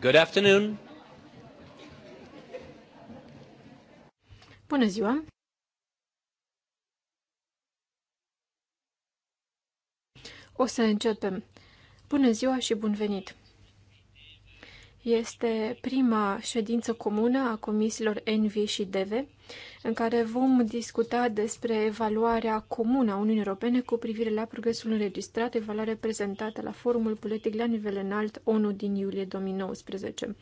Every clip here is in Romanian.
Good afternoon. Bună ziua. O să începem. Bună ziua și bun venit. Este prima ședință comună a comisiilor Envi și DEVE în care vom discuta despre evaluarea comună a Uniunii Europene cu privire la progresul înregistrat, evaluare prezentată la Forumul Politic la nivel înalt ONU din iulie 2019.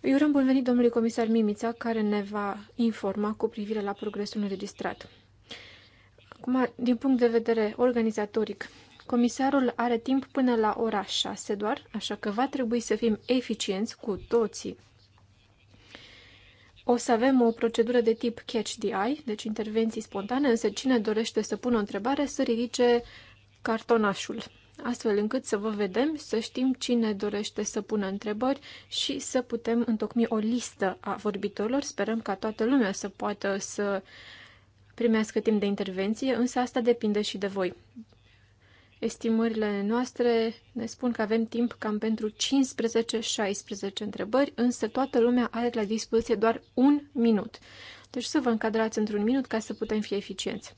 Îi urăm bun venit domnului comisar Mimița, care ne va informa cu privire la progresul înregistrat. Acum, din punct de vedere organizatoric, comisarul are timp până la ora 6 doar, așa că va trebui să fim eficienți cu toții o să avem o procedură de tip catch the eye, deci intervenții spontane, însă cine dorește să pună o întrebare să ridice cartonașul, astfel încât să vă vedem, să știm cine dorește să pună întrebări și să putem întocmi o listă a vorbitorilor. Sperăm ca toată lumea să poată să primească timp de intervenție, însă asta depinde și de voi. Estimările noastre ne spun că avem timp cam pentru 15-16 întrebări, însă toată lumea are la dispoziție doar un minut. Deci să vă încadrați într-un minut ca să putem fi eficienți.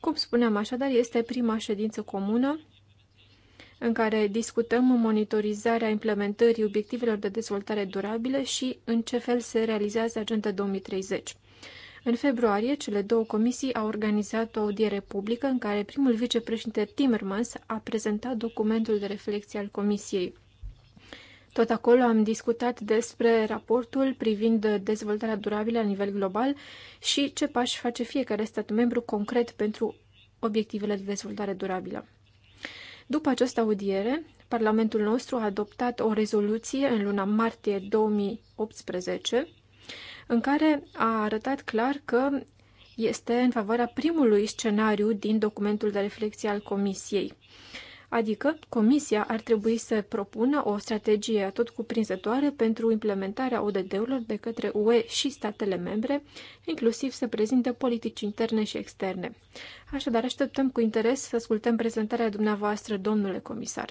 Cum spuneam așadar, este prima ședință comună în care discutăm monitorizarea implementării obiectivelor de dezvoltare durabile și în ce fel se realizează Agenda 2030. În februarie, cele două comisii au organizat o audiere publică în care primul vicepreședinte Timmermans a prezentat documentul de reflexie al comisiei. Tot acolo am discutat despre raportul privind dezvoltarea durabilă la nivel global și ce pași face fiecare stat membru concret pentru obiectivele de dezvoltare durabilă. După această audiere, Parlamentul nostru a adoptat o rezoluție în luna martie 2018 în care a arătat clar că este în favoarea primului scenariu din documentul de reflexie al Comisiei. Adică, Comisia ar trebui să propună o strategie tot cuprinzătoare pentru implementarea ODD-urilor de către UE și statele membre, inclusiv să prezinte politici interne și externe. Așadar, așteptăm cu interes să ascultăm prezentarea dumneavoastră, domnule comisar.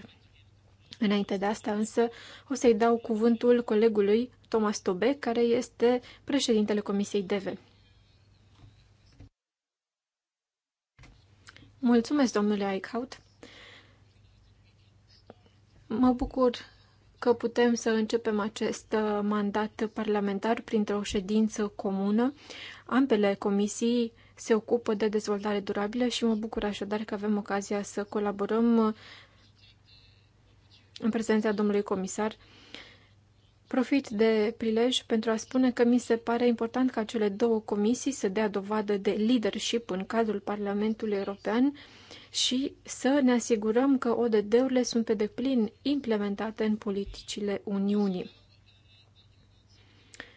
Înainte de asta însă o să-i dau cuvântul colegului Thomas Tobe, care este președintele Comisiei DV. Mulțumesc, domnule Eichhout. Mă bucur că putem să începem acest uh, mandat parlamentar printr-o ședință comună. Ambele comisii se ocupă de dezvoltare durabilă și mă bucur așadar că avem ocazia să colaborăm uh, în prezența domnului comisar. Profit de prilej pentru a spune că mi se pare important ca cele două comisii să dea dovadă de leadership în cadrul Parlamentului European și să ne asigurăm că ODD-urile sunt pe deplin implementate în politicile Uniunii.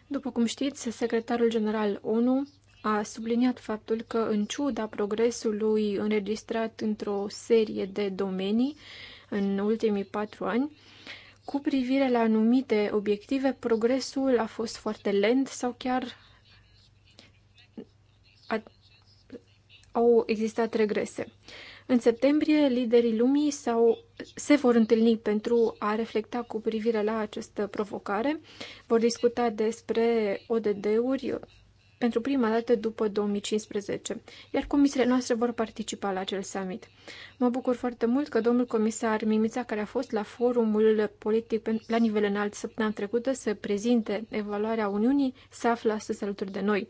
După cum știți, secretarul general ONU a subliniat faptul că, în ciuda progresului înregistrat într-o serie de domenii, în ultimii patru ani, cu privire la anumite obiective, progresul a fost foarte lent sau chiar a, au existat regrese. În septembrie, liderii lumii sau se vor întâlni pentru a reflecta cu privire la această provocare. Vor discuta despre ODD-uri, pentru prima dată după 2015, iar comisiile noastre vor participa la acel summit. Mă bucur foarte mult că domnul comisar Mimița, care a fost la forumul politic la nivel înalt săptămâna trecută să prezinte evaluarea Uniunii, se află astăzi alături de noi.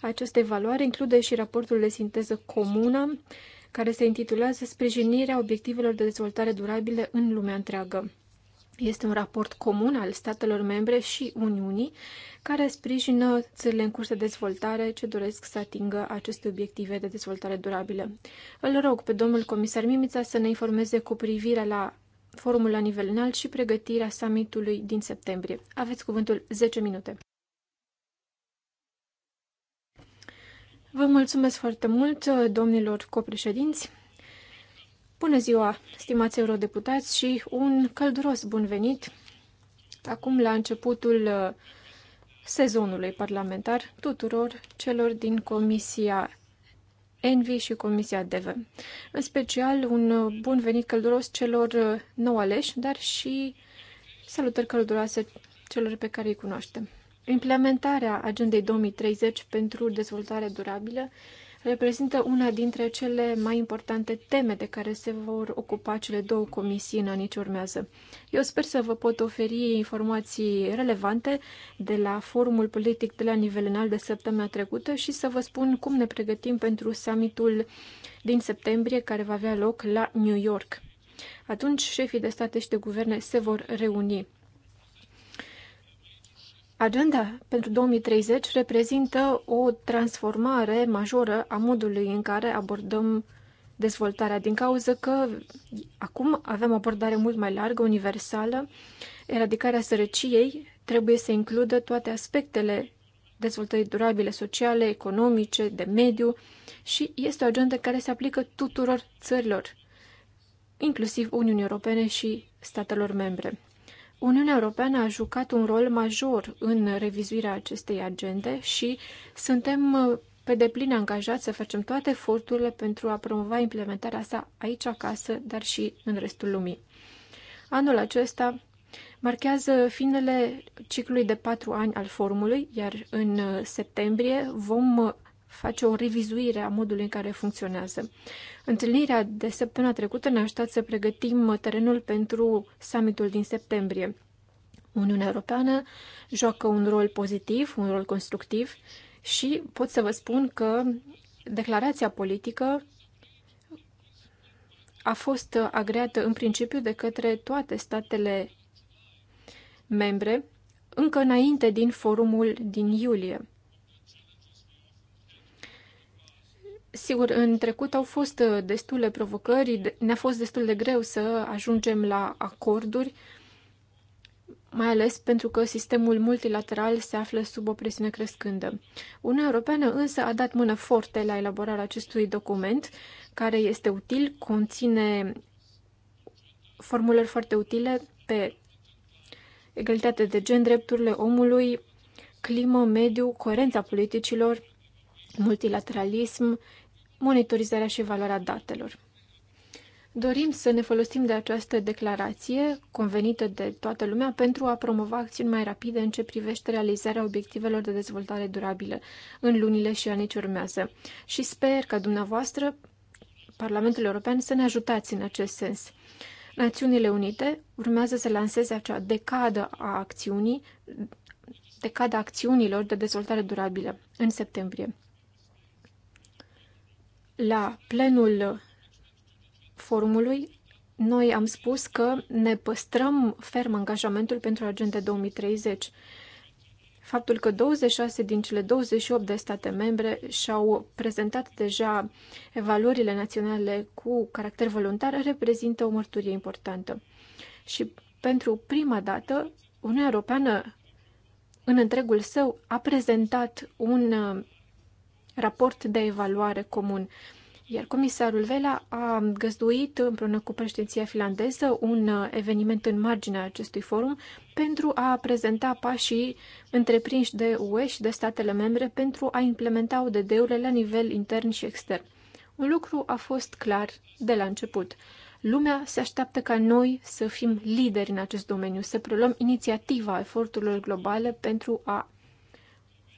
Această evaluare include și raportul de sinteză comună, care se intitulează Sprijinirea obiectivelor de dezvoltare durabile în lumea întreagă. Este un raport comun al statelor membre și Uniunii care sprijină țările în curs de dezvoltare ce doresc să atingă aceste obiective de dezvoltare durabilă. Îl rog pe domnul comisar Mimița să ne informeze cu privire la forumul la nivel înalt și pregătirea summitului din septembrie. Aveți cuvântul 10 minute. Vă mulțumesc foarte mult, domnilor copreședinți. Bună ziua, stimați eurodeputați și un călduros bun venit acum la începutul uh, sezonului parlamentar tuturor celor din Comisia Envi și Comisia DEVE. În special, un uh, bun venit călduros celor uh, nou aleși, dar și salutări călduroase celor pe care îi cunoaștem. Implementarea agendei 2030 pentru dezvoltare durabilă reprezintă una dintre cele mai importante teme de care se vor ocupa cele două comisii în anii ce urmează. Eu sper să vă pot oferi informații relevante de la forumul politic de la nivel înalt de săptămâna trecută și să vă spun cum ne pregătim pentru summitul din septembrie care va avea loc la New York. Atunci, șefii de state și de guverne se vor reuni. Agenda pentru 2030 reprezintă o transformare majoră a modului în care abordăm dezvoltarea, din cauza că acum avem o abordare mult mai largă, universală. Eradicarea sărăciei trebuie să includă toate aspectele dezvoltării durabile, sociale, economice, de mediu și este o agendă care se aplică tuturor țărilor, inclusiv Uniunii Europene și statelor membre. Uniunea Europeană a jucat un rol major în revizuirea acestei agende și suntem uh, pe deplin angajați să facem toate eforturile pentru a promova implementarea sa aici acasă, dar și în restul lumii. Anul acesta marchează finele ciclului de patru ani al forumului, iar în uh, septembrie vom uh, face o revizuire a modului în care funcționează. Întâlnirea de săptămâna trecută ne-a ajutat să pregătim terenul pentru summitul din septembrie. Uniunea Europeană joacă un rol pozitiv, un rol constructiv și pot să vă spun că declarația politică a fost agreată în principiu de către toate statele membre încă înainte din forumul din iulie. Sigur, în trecut au fost uh, destule provocări, ne-a fost destul de greu să ajungem la acorduri, mai ales pentru că sistemul multilateral se află sub o presiune crescândă. Uniunea Europeană însă a dat mână forte la elaborarea acestui document, care este util, conține formulări foarte utile pe egalitate de gen, drepturile omului, climă, mediu, coerența politicilor, multilateralism, monitorizarea și evaluarea datelor. Dorim să ne folosim de această declarație convenită de toată lumea pentru a promova acțiuni mai rapide în ce privește realizarea obiectivelor de dezvoltare durabilă în lunile și anii ce urmează. Și sper ca dumneavoastră, Parlamentul European, să ne ajutați în acest sens. Națiunile Unite urmează să lanseze acea decadă a acțiunii, decada acțiunilor de dezvoltare durabilă în septembrie. La plenul forumului, noi am spus că ne păstrăm ferm angajamentul pentru Agenda 2030. Faptul că 26 din cele 28 de state membre și-au prezentat deja evaluările naționale cu caracter voluntar reprezintă o mărturie importantă. Și pentru prima dată, Uniunea Europeană în întregul său a prezentat un raport de evaluare comun. Iar comisarul Vela a găzduit împreună cu președinția finlandeză un uh, eveniment în marginea acestui forum pentru a prezenta pașii întreprinși de UE și de statele membre pentru a implementa ODD-urile la nivel intern și extern. Un lucru a fost clar de la început. Lumea se așteaptă ca noi să fim lideri în acest domeniu, să preluăm inițiativa eforturilor globale pentru a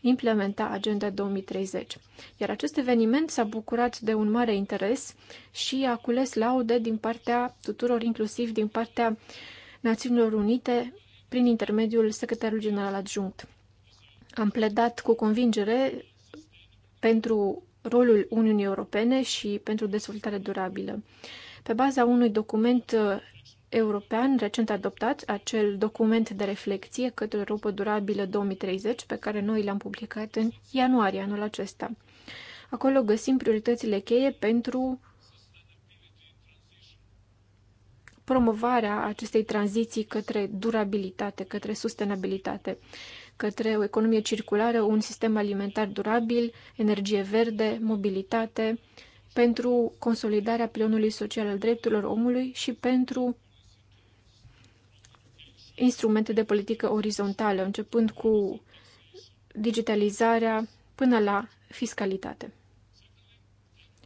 implementa Agenda 2030. Iar acest eveniment s-a bucurat de un mare interes și a cules laude din partea tuturor, inclusiv din partea Națiunilor Unite, prin intermediul secretarului general adjunct. Am pledat cu convingere pentru rolul Uniunii Europene și pentru dezvoltare durabilă. Pe baza unui document european recent adoptat, acel document de reflexie către Europa durabilă 2030, pe care noi l-am publicat în ianuarie anul acesta. Acolo găsim prioritățile cheie pentru promovarea acestei tranziții către durabilitate, către sustenabilitate, către o economie circulară, un sistem alimentar durabil, energie verde, mobilitate, pentru consolidarea pilonului social al drepturilor omului și pentru instrumente de politică orizontală, începând cu digitalizarea până la fiscalitate.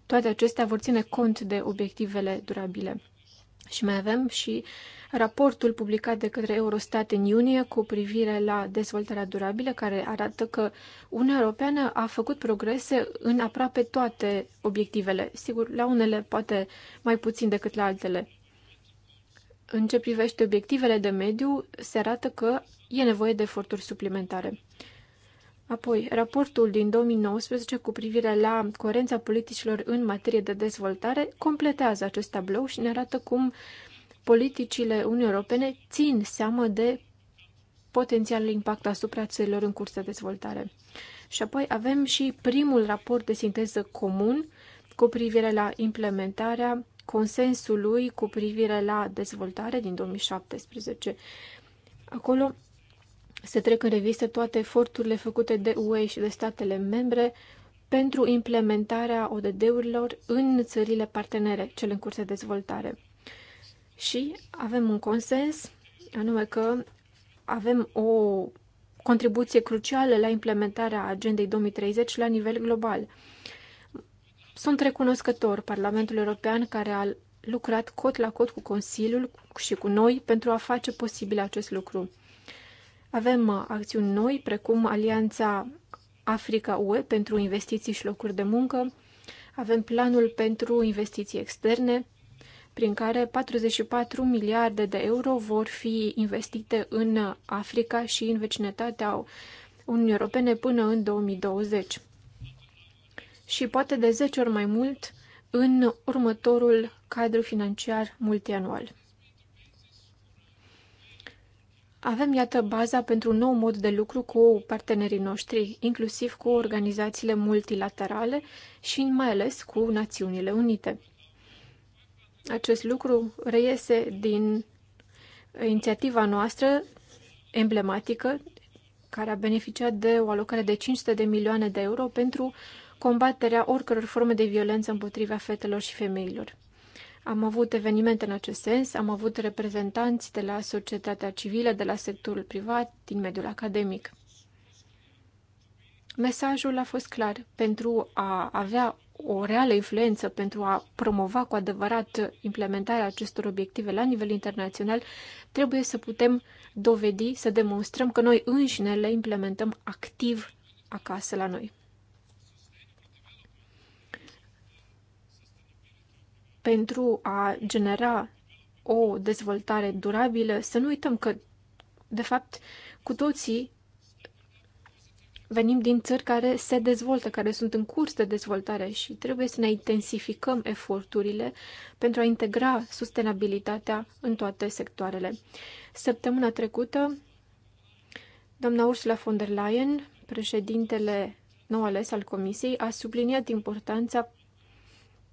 Toate acestea vor ține cont de obiectivele durabile. Și mai avem și raportul publicat de către Eurostat în iunie cu privire la dezvoltarea durabilă, care arată că Uniunea Europeană a făcut progrese în aproape toate obiectivele. Sigur, la unele poate mai puțin decât la altele. În ce privește obiectivele de mediu, se arată că e nevoie de eforturi suplimentare. Apoi, raportul din 2019 cu privire la coerența politicilor în materie de dezvoltare completează acest tablou și ne arată cum politicile Uniunii Europene țin seamă de potențialul impact asupra țărilor în curs de dezvoltare. Și apoi avem și primul raport de sinteză comun cu privire la implementarea consensului cu privire la dezvoltare din 2017. Acolo se trec în revistă toate eforturile făcute de UE și de statele membre pentru implementarea ODD-urilor în țările partenere, cele în curs de dezvoltare. Și avem un consens, anume că avem o contribuție crucială la implementarea Agendei 2030 la nivel global. Sunt recunoscător Parlamentul European care a lucrat cot la cot cu Consiliul și cu noi pentru a face posibil acest lucru. Avem uh, acțiuni noi, precum Alianța Africa-UE pentru investiții și locuri de muncă, avem planul pentru investiții externe, prin care 44 miliarde de euro vor fi investite în Africa și în vecinătatea Uniunii Europene până în 2020 și poate de 10 ori mai mult în următorul cadru financiar multianual. Avem, iată, baza pentru un nou mod de lucru cu partenerii noștri, inclusiv cu organizațiile multilaterale și mai ales cu Națiunile Unite. Acest lucru reiese din inițiativa noastră emblematică, care a beneficiat de o alocare de 500 de milioane de euro pentru combaterea oricăror forme de violență împotriva fetelor și femeilor. Am avut evenimente în acest sens, am avut reprezentanți de la societatea civilă, de la sectorul privat, din mediul academic. Mesajul a fost clar. Pentru a avea o reală influență, pentru a promova cu adevărat implementarea acestor obiective la nivel internațional, trebuie să putem dovedi, să demonstrăm că noi înșine le implementăm activ acasă la noi. pentru a genera o dezvoltare durabilă, să nu uităm că, de fapt, cu toții venim din țări care se dezvoltă, care sunt în curs de dezvoltare și trebuie să ne intensificăm eforturile pentru a integra sustenabilitatea în toate sectoarele. Săptămâna trecută, doamna Ursula von der Leyen, președintele nou ales al Comisiei, a subliniat importanța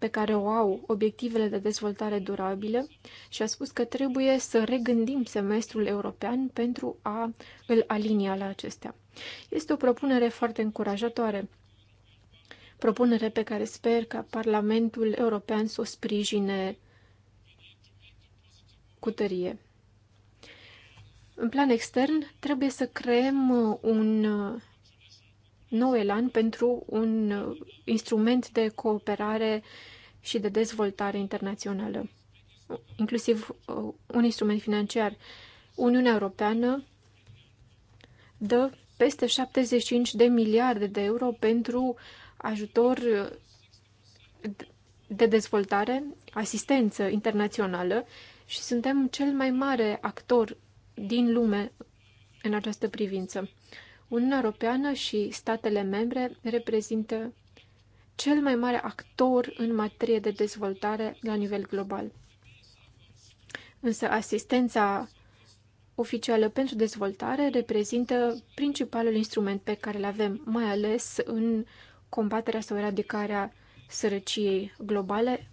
pe care o au obiectivele de dezvoltare durabilă și a spus că trebuie să regândim semestrul european pentru a îl alinia la acestea. Este o propunere foarte încurajatoare, propunere pe care sper ca Parlamentul European să o sprijine cu tărie. În plan extern, trebuie să creăm un nou elan pentru un uh, instrument de cooperare și de dezvoltare internațională, inclusiv uh, un instrument financiar. Uniunea Europeană dă peste 75 de miliarde de euro pentru ajutor uh, de dezvoltare, asistență internațională și suntem cel mai mare actor din lume în această privință. Uniunea Europeană și statele membre reprezintă cel mai mare actor în materie de dezvoltare la nivel global. Însă asistența oficială pentru dezvoltare reprezintă principalul instrument pe care îl avem, mai ales în combaterea sau eradicarea sărăciei globale,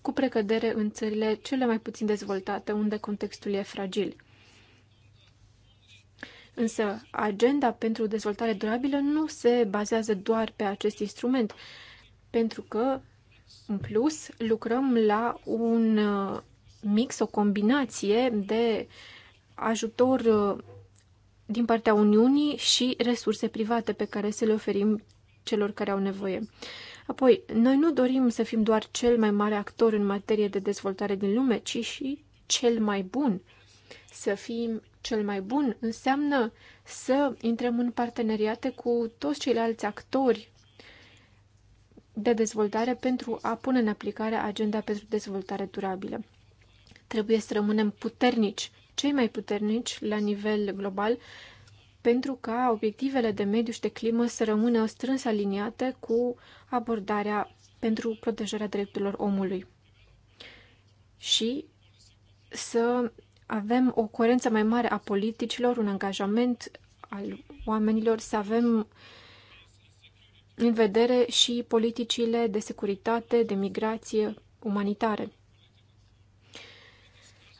cu precădere în țările cele mai puțin dezvoltate, unde contextul e fragil. Însă, agenda pentru dezvoltare durabilă nu se bazează doar pe acest instrument, pentru că, în plus, lucrăm la un uh, mix, o combinație de ajutor uh, din partea Uniunii și resurse private pe care să le oferim celor care au nevoie. Apoi, noi nu dorim să fim doar cel mai mare actor în materie de dezvoltare din lume, ci și cel mai bun. Să fim cel mai bun înseamnă să intrăm în parteneriate cu toți ceilalți actori de dezvoltare pentru a pune în aplicare agenda pentru dezvoltare durabilă. Trebuie să rămânem puternici, cei mai puternici la nivel global, pentru ca obiectivele de mediu și de climă să rămână strâns aliniate cu abordarea pentru protejarea drepturilor omului. Și să avem o coerență mai mare a politicilor, un angajament al oamenilor, să avem în vedere și politicile de securitate, de migrație umanitare.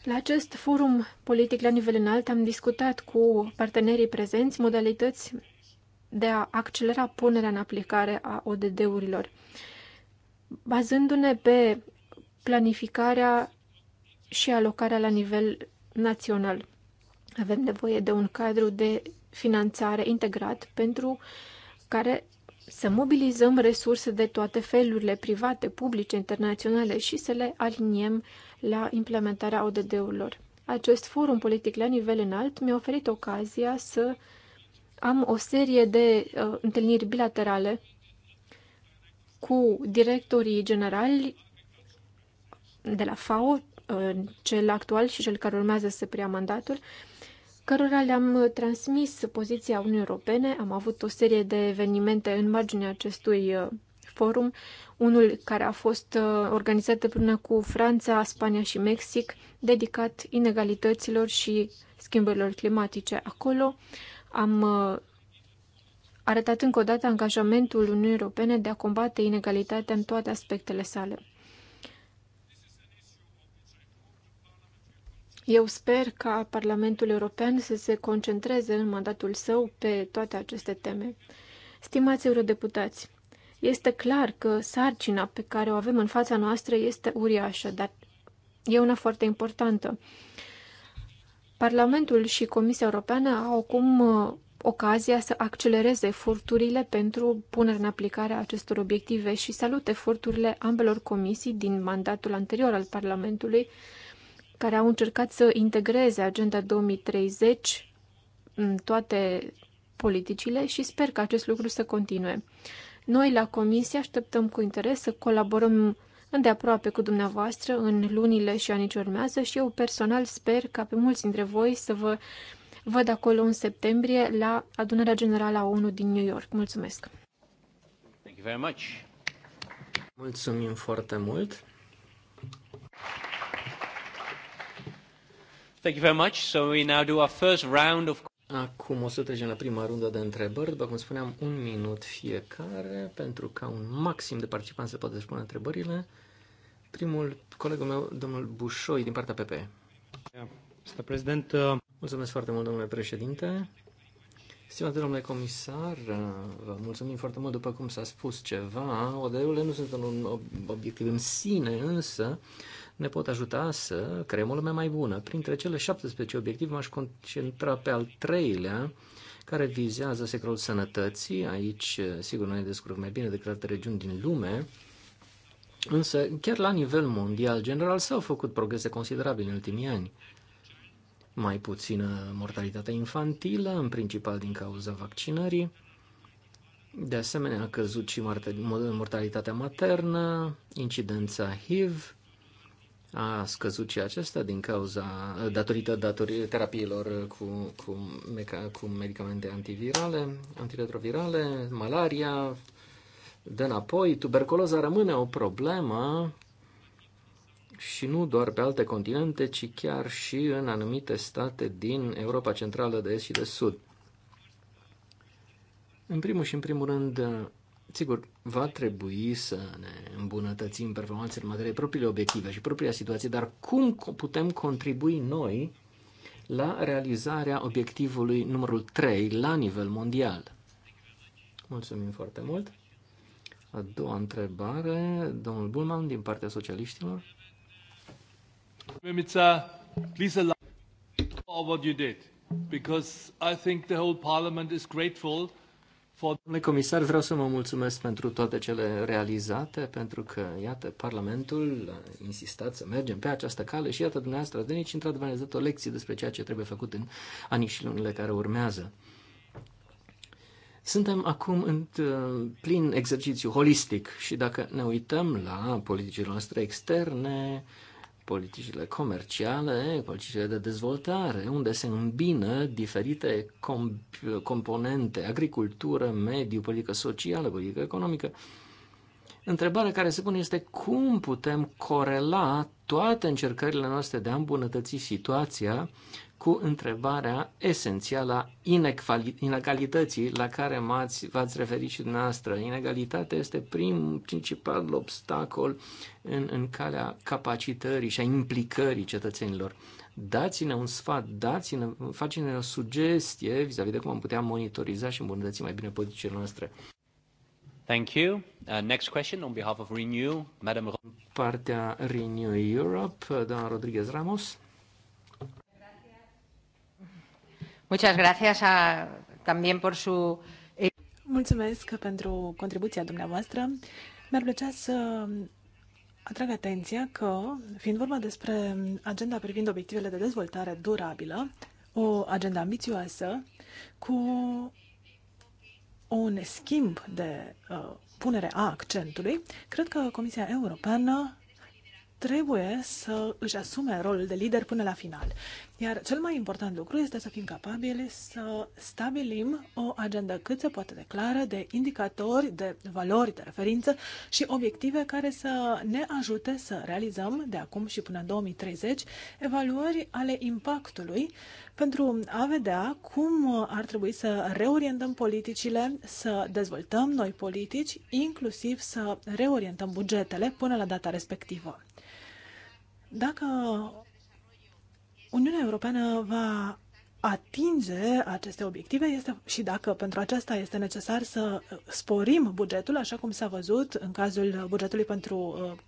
La acest forum politic la nivel înalt am discutat cu partenerii prezenți modalități de a accelera punerea în aplicare a ODD-urilor, bazându-ne pe planificarea și alocarea la nivel național. Avem nevoie de un cadru de finanțare integrat pentru care să mobilizăm resurse de toate felurile, private, publice, internaționale și să le aliniem la implementarea ODD-urilor. Acest forum politic la nivel înalt mi-a oferit ocazia să am o serie de uh, întâlniri bilaterale cu directorii generali de la FAO, cel actual și cel care urmează să preia mandatul, cărora le-am transmis poziția Uniunii Europene. Am avut o serie de evenimente în marginea acestui uh, forum, unul care a fost uh, organizat împreună cu Franța, Spania și Mexic, dedicat inegalităților și schimbărilor climatice. Acolo am uh, arătat încă o dată angajamentul Uniunii Europene de a combate inegalitatea în toate aspectele sale. Eu sper ca Parlamentul European să se concentreze în mandatul său pe toate aceste teme. Stimați eurodeputați, este clar că sarcina pe care o avem în fața noastră este uriașă, dar e una foarte importantă. Parlamentul și Comisia Europeană au acum uh, ocazia să accelereze eforturile pentru punerea în aplicare a acestor obiective și salut eforturile ambelor comisii din mandatul anterior al Parlamentului care au încercat să integreze Agenda 2030 în toate politicile și sper că acest lucru să continue. Noi la Comisie așteptăm cu interes să colaborăm îndeaproape cu dumneavoastră în lunile și anii ce urmează și eu personal sper ca pe mulți dintre voi să vă văd acolo în septembrie la adunarea generală a ONU din New York. Mulțumesc! Thank you very much. Mulțumim foarte mult! Thank you very much. So we now do our first round of... Acum o să trecem la prima rundă de întrebări. După cum spuneam, un minut fiecare, pentru ca un maxim de participanți să poată spune întrebările. Primul, colegul meu, domnul Bușoi, din partea PP. Stă prezident. Mulțumesc foarte mult, domnule președinte. Stimate domnule comisar, vă mulțumim foarte mult. După cum s-a spus ceva, ODE-urile nu sunt un obiectiv în sine, însă ne pot ajuta să creăm o lume mai bună. Printre cele 17 obiective m-aș concentra pe al treilea, care vizează secolul sănătății. Aici, sigur, noi ne descurcăm mai bine decât alte regiuni din lume. Însă, chiar la nivel mondial general s-au făcut progrese considerabile în ultimii ani mai puțină mortalitate infantilă, în principal din cauza vaccinării. De asemenea, a căzut și mortalitatea maternă, incidența HIV a scăzut și acesta din cauza, datorită datorii terapiilor cu, cu, meca, cu medicamente antivirale, antiretrovirale, malaria, de înapoi, tuberculoza rămâne o problemă, și nu doar pe alte continente, ci chiar și în anumite state din Europa Centrală de Est și de Sud. În primul și în primul rând, sigur, va trebui să ne îmbunătățim performanțele în materie propriile obiective și propria situație, dar cum putem contribui noi la realizarea obiectivului numărul 3 la nivel mondial? Mulțumim foarte mult! A doua întrebare, domnul Bulman, din partea socialiștilor. Mimica, please allow what you did, because I think the whole Parliament is grateful for... Domnule comisar, vreau să mă mulțumesc pentru toate cele realizate, pentru că, iată, Parlamentul a insistat să mergem pe această cale și, iată, dumneavoastră, de nici, într-adevăr, ne dat o lecție despre ceea ce trebuie făcut în anii și lunile care urmează. Suntem acum în uh, plin exercițiu holistic și dacă ne uităm la politicile noastre externe, politicile comerciale, politicile de dezvoltare, unde se îmbină diferite comp- componente, agricultură, mediu, politică socială, politică economică. Întrebarea care se pune este cum putem corela toate încercările noastre de a îmbunătăți situația cu întrebarea esențială a inegalității la care m-ați, v-ați referit și dumneavoastră. Inegalitatea este primul, principal obstacol în, în calea capacitării și a implicării cetățenilor. Dați-ne un sfat, dați-ne, faceți-ne o sugestie vis-a-vis -vis de cum am putea monitoriza și îmbunătăți mai bine politicile noastre. Thank you. Uh, next question on behalf of Renew, Madam Partea Renew Europe, doamna Rodriguez Ramos. Muchas gracias a, también por su... Eh, Mulțumesc pentru contribuția dumneavoastră. Mi-ar plăcea să atrag atenția că, fiind vorba despre agenda privind obiectivele de dezvoltare durabilă, o agenda ambițioasă cu un schimb de uh, punere a accentului, cred că Comisia Europeană trebuie să își asume rolul de lider până la final. Iar cel mai important lucru este să fim capabili să stabilim o agendă cât se poate de clară, de indicatori, de valori, de referință și obiective care să ne ajute să realizăm de acum și până în 2030 evaluări ale impactului pentru a vedea cum ar trebui să reorientăm politicile, să dezvoltăm noi politici, inclusiv să reorientăm bugetele până la data respectivă dacă Uniunea Europeană va atinge aceste obiective este, și dacă pentru aceasta este necesar să sporim bugetul, așa cum s-a văzut în cazul bugetului pentru uh,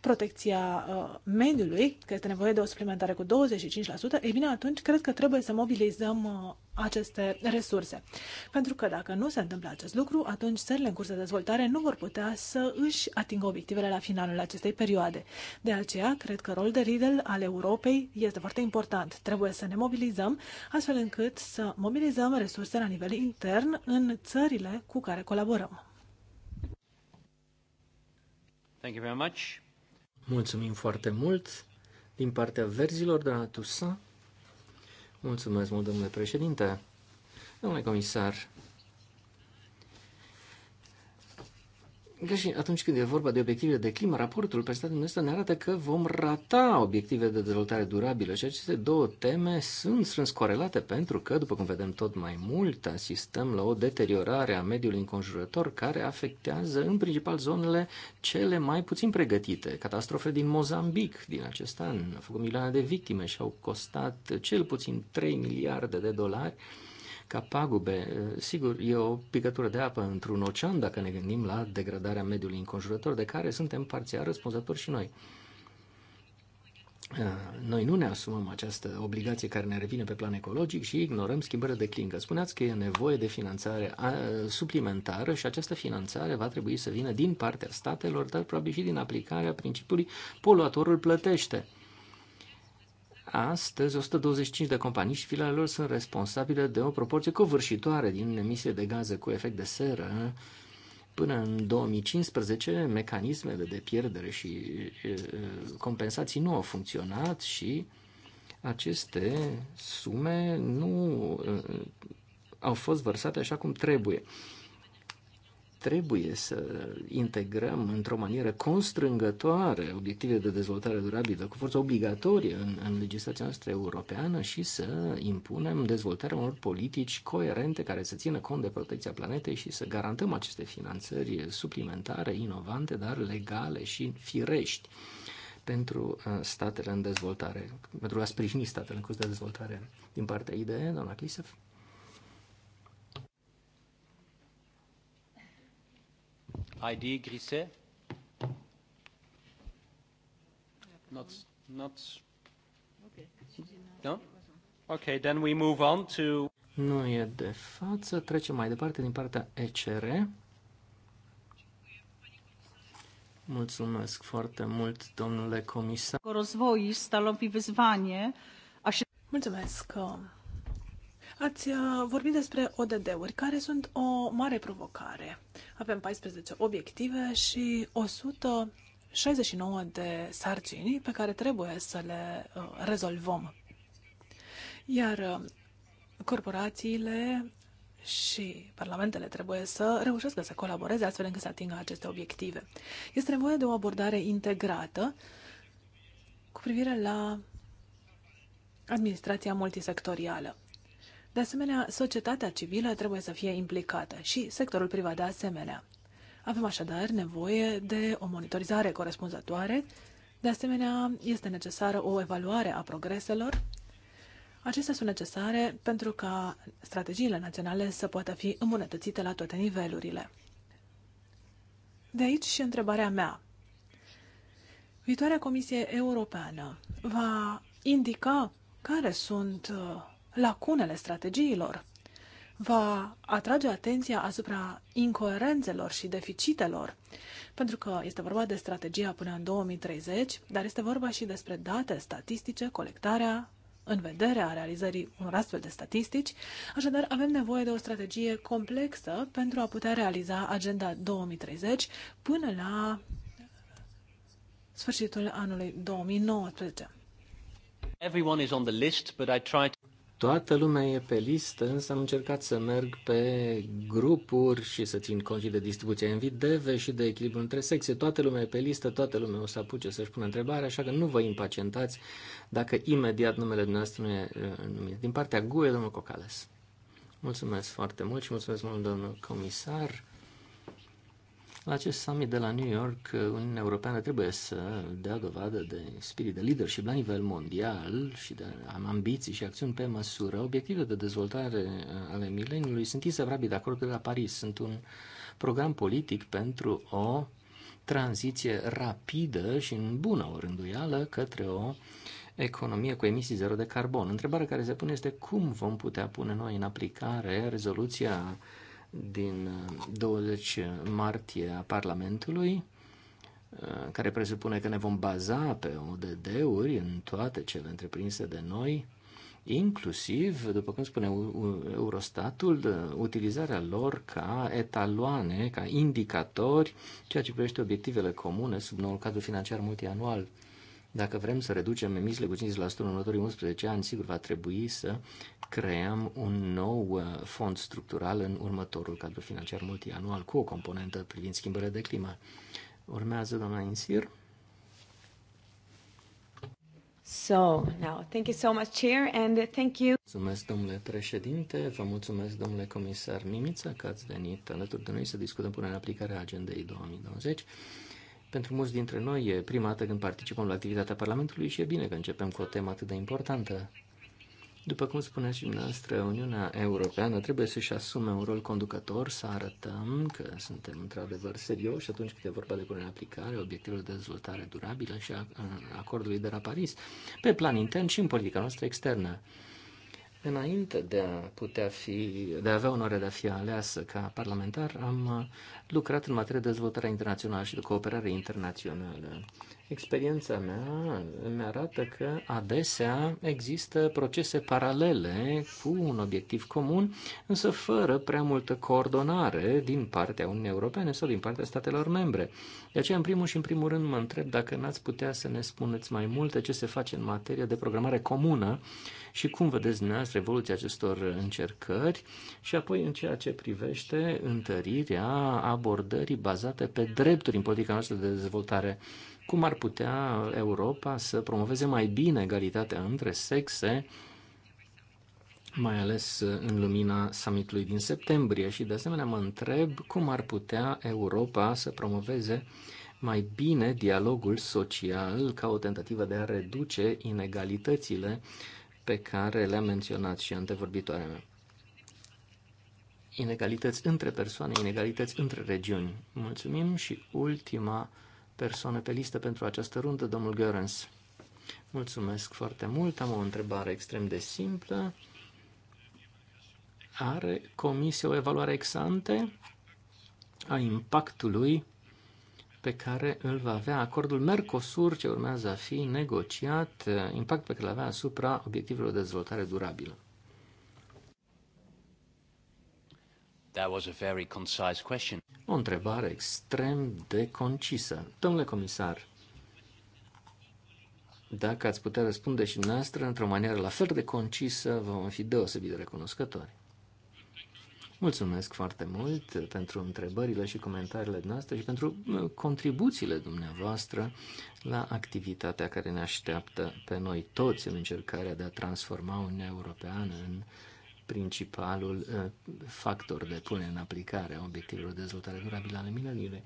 protecția uh, mediului, că este nevoie de o suplimentare cu 25%, ei bine, atunci cred că trebuie să mobilizăm uh, aceste resurse. Pentru că dacă nu se întâmplă acest lucru, atunci țările în curs de dezvoltare nu vor putea să își atingă obiectivele la finalul acestei perioade. De aceea, cred că rolul de Riedel al Europei este foarte important. Trebuie să ne mobilizăm astfel încât să mobilizăm resurse la nivel intern în țările cu care colaborăm. Thank you very much. Mulțumim foarte mult din partea verzilor, la Tusa. Mulțumesc mult, domnule președinte. Domnule comisar, Deci și atunci când e vorba de obiective de climă, raportul pe statul nostru ne arată că vom rata obiective de dezvoltare durabilă și aceste două teme sunt strâns corelate pentru că, după cum vedem tot mai mult, asistăm la o deteriorare a mediului înconjurător care afectează în principal zonele cele mai puțin pregătite. Catastrofe din Mozambic din acest an au făcut milioane de victime și au costat cel puțin 3 miliarde de dolari ca pagube. Sigur, e o picătură de apă într-un ocean dacă ne gândim la degradarea mediului înconjurător, de care suntem parțial răspunzători și noi. Uh, noi nu ne asumăm această obligație care ne revine pe plan ecologic și ignorăm schimbările de clingă. Spuneați că e nevoie de finanțare uh, suplimentară și această finanțare va trebui să vină din partea statelor, dar probabil și din aplicarea principiului poluatorul plătește. Astăzi, 125 de companii și filele lor sunt responsabile de o proporție covârșitoare din emisie de gaze cu efect de seră. Până în 2015, mecanismele de pierdere și compensații nu au funcționat și aceste sume nu au fost vărsate așa cum trebuie trebuie să integrăm într-o manieră constrângătoare obiective de dezvoltare durabilă cu forță obligatorie în, în legislația noastră europeană și să impunem dezvoltarea unor politici coerente care să țină cont de protecția planetei și să garantăm aceste finanțări suplimentare, inovante, dar legale și firești pentru uh, statele în dezvoltare, pentru a sprijini statele în curs de dezvoltare din partea IDE, doamna Clisef? ID Grisset? Not, not. No? Okay, then we move on to... Nu e de față, trecem mai departe din partea ECR. Mulțumesc foarte mult, domnule comisar. Mulțumesc. Uh, Ați uh, vorbit despre ODD-uri, care sunt o mare provocare. Avem 14 obiective și 169 de sarcini pe care trebuie să le uh, rezolvăm. Iar uh, corporațiile și parlamentele trebuie să reușească să colaboreze astfel încât să atingă aceste obiective. Este nevoie de o abordare integrată cu privire la administrația multisectorială. De asemenea, societatea civilă trebuie să fie implicată și sectorul privat de asemenea. Avem așadar nevoie de o monitorizare corespunzătoare. De asemenea, este necesară o evaluare a progreselor. Acestea sunt necesare pentru ca strategiile naționale să poată fi îmbunătățite la toate nivelurile. De aici și întrebarea mea. Viitoarea Comisie Europeană va indica care sunt uh, lacunele strategiilor. Va atrage atenția asupra incoerențelor și deficitelor, pentru că este vorba de strategia până în 2030, dar este vorba și despre date statistice, colectarea, în vederea realizării unor astfel de statistici, așadar avem nevoie de o strategie complexă pentru a putea realiza Agenda 2030 până la sfârșitul anului 2019. Everyone is on the list, but I try to... Toată lumea e pe listă, însă am încercat să merg pe grupuri și să țin cont și de distribuția invideve și de echilibru între sexe. Toată lumea e pe listă, toată lumea o să apuce să-și pună întrebarea, așa că nu vă impacientați dacă imediat numele dumneavoastră nu e numit. Din partea GUE, domnul Cocales. Mulțumesc foarte mult și mulțumesc mult, domnul comisar. La acest summit de la New York, Uniunea Europeană trebuie să dea dovadă de spirit de leadership la nivel mondial și de ambiții și acțiuni pe măsură. Obiectivele de dezvoltare uh, ale mileniului sunt insevrabil de acord de la Paris. Sunt un program politic pentru o tranziție rapidă și în bună o rânduială către o economie cu emisii zero de carbon. Întrebarea care se pune este cum vom putea pune noi în aplicare rezoluția din 20 uh, martie a Parlamentului, uh, care presupune că ne vom baza pe ODD-uri în toate cele întreprinse de noi, inclusiv, după cum spune Eurostatul, utilizarea lor ca etaloane, ca indicatori, ceea ce privește obiectivele comune sub noul cadru financiar multianual. Dacă vrem să reducem emisiile cu 50% în următorii 11 ani, sigur va trebui să creăm un nou uh, fond structural în următorul cadru financiar multianual cu o componentă privind schimbările de climă. Urmează doamna Insir. So, now, thank you so much, Chair, and thank you. Mulțumesc, domnule președinte, vă mulțumesc, domnule comisar Mimița, că ați venit alături de noi să discutăm până în aplicarea agendei 2020. Pentru mulți dintre noi e prima dată când participăm la activitatea Parlamentului și e bine că începem cu o temă atât de importantă. După cum spuneați și dumneavoastră, Uniunea Europeană trebuie să-și asume un rol conducător, să arătăm că suntem într-adevăr serioși atunci când e vorba de punerea în aplicare, obiectivelor de dezvoltare durabilă și a acordului de la Paris, pe plan intern și în politica noastră externă. Înainte de a putea fi, de a avea onoarea de a fi aleasă ca parlamentar, am uh, lucrat în materie de dezvoltare internațională și de cooperare internațională. Experiența mea îmi arată că adesea există procese paralele cu un obiectiv comun, însă fără prea multă coordonare din partea Uniunii Europene sau din partea statelor membre. De aceea, în primul și în primul rând, mă întreb dacă n-ați putea să ne spuneți mai multe ce se face în materie de programare comună și cum vedeți dumneavoastră evoluția acestor încercări și apoi în ceea ce privește întărirea abordării bazate pe drepturi în politica noastră de dezvoltare cum ar putea Europa să promoveze mai bine egalitatea între sexe, mai ales în lumina summitului din septembrie. Și de asemenea mă întreb cum ar putea Europa să promoveze mai bine dialogul social ca o tentativă de a reduce inegalitățile pe care le-a menționat și antevorbitoarea mea. Inegalități între persoane, inegalități între regiuni. Mulțumim și ultima persoane pe listă pentru această rundă, domnul Görens. Mulțumesc foarte mult. Am o întrebare extrem de simplă. Are Comisia o evaluare ex ante a impactului pe care îl va avea acordul Mercosur ce urmează a fi negociat, impact pe care îl avea asupra obiectivelor de dezvoltare durabilă? That was a very concise question. O întrebare extrem de concisă. Domnule comisar, dacă ați putea răspunde și noastră într-o manieră la fel de concisă, vom fi deosebit de recunoscători. Mulțumesc foarte mult pentru întrebările și comentariile noastre și pentru uh, contribuțiile dumneavoastră la activitatea care ne așteaptă pe noi toți în încercarea de a transforma Uniunea Europeană în principalul uh, factor de punere în aplicare a obiectivelor de dezvoltare durabilă ale mileniului.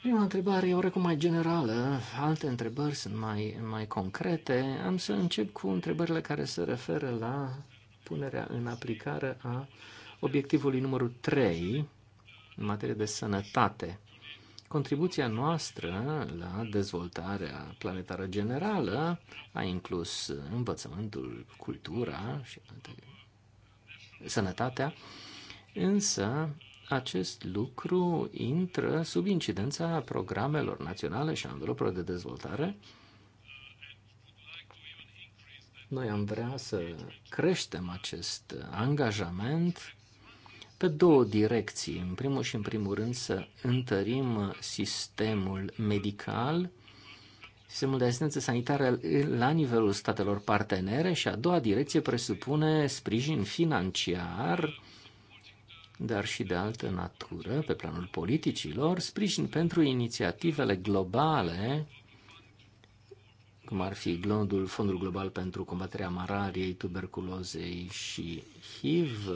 Prima întrebare e oricum mai generală, alte întrebări sunt mai, mai concrete. Am să încep cu întrebările care se referă la punerea în aplicare a obiectivului numărul 3 în materie de sănătate Contribuția noastră la dezvoltarea planetară generală a inclus învățământul, cultura și alte, sănătatea, însă acest lucru intră sub incidența programelor naționale și anvelopelor de dezvoltare. Noi am vrea să creștem acest angajament pe două direcții. În primul și în primul rând să întărim sistemul medical, sistemul de asistență sanitară la nivelul statelor partenere și a doua direcție presupune sprijin financiar, dar și de altă natură, pe planul politicilor, sprijin pentru inițiativele globale, cum ar fi Glondul, Fondul Global pentru combaterea marariei, tuberculozei și HIV,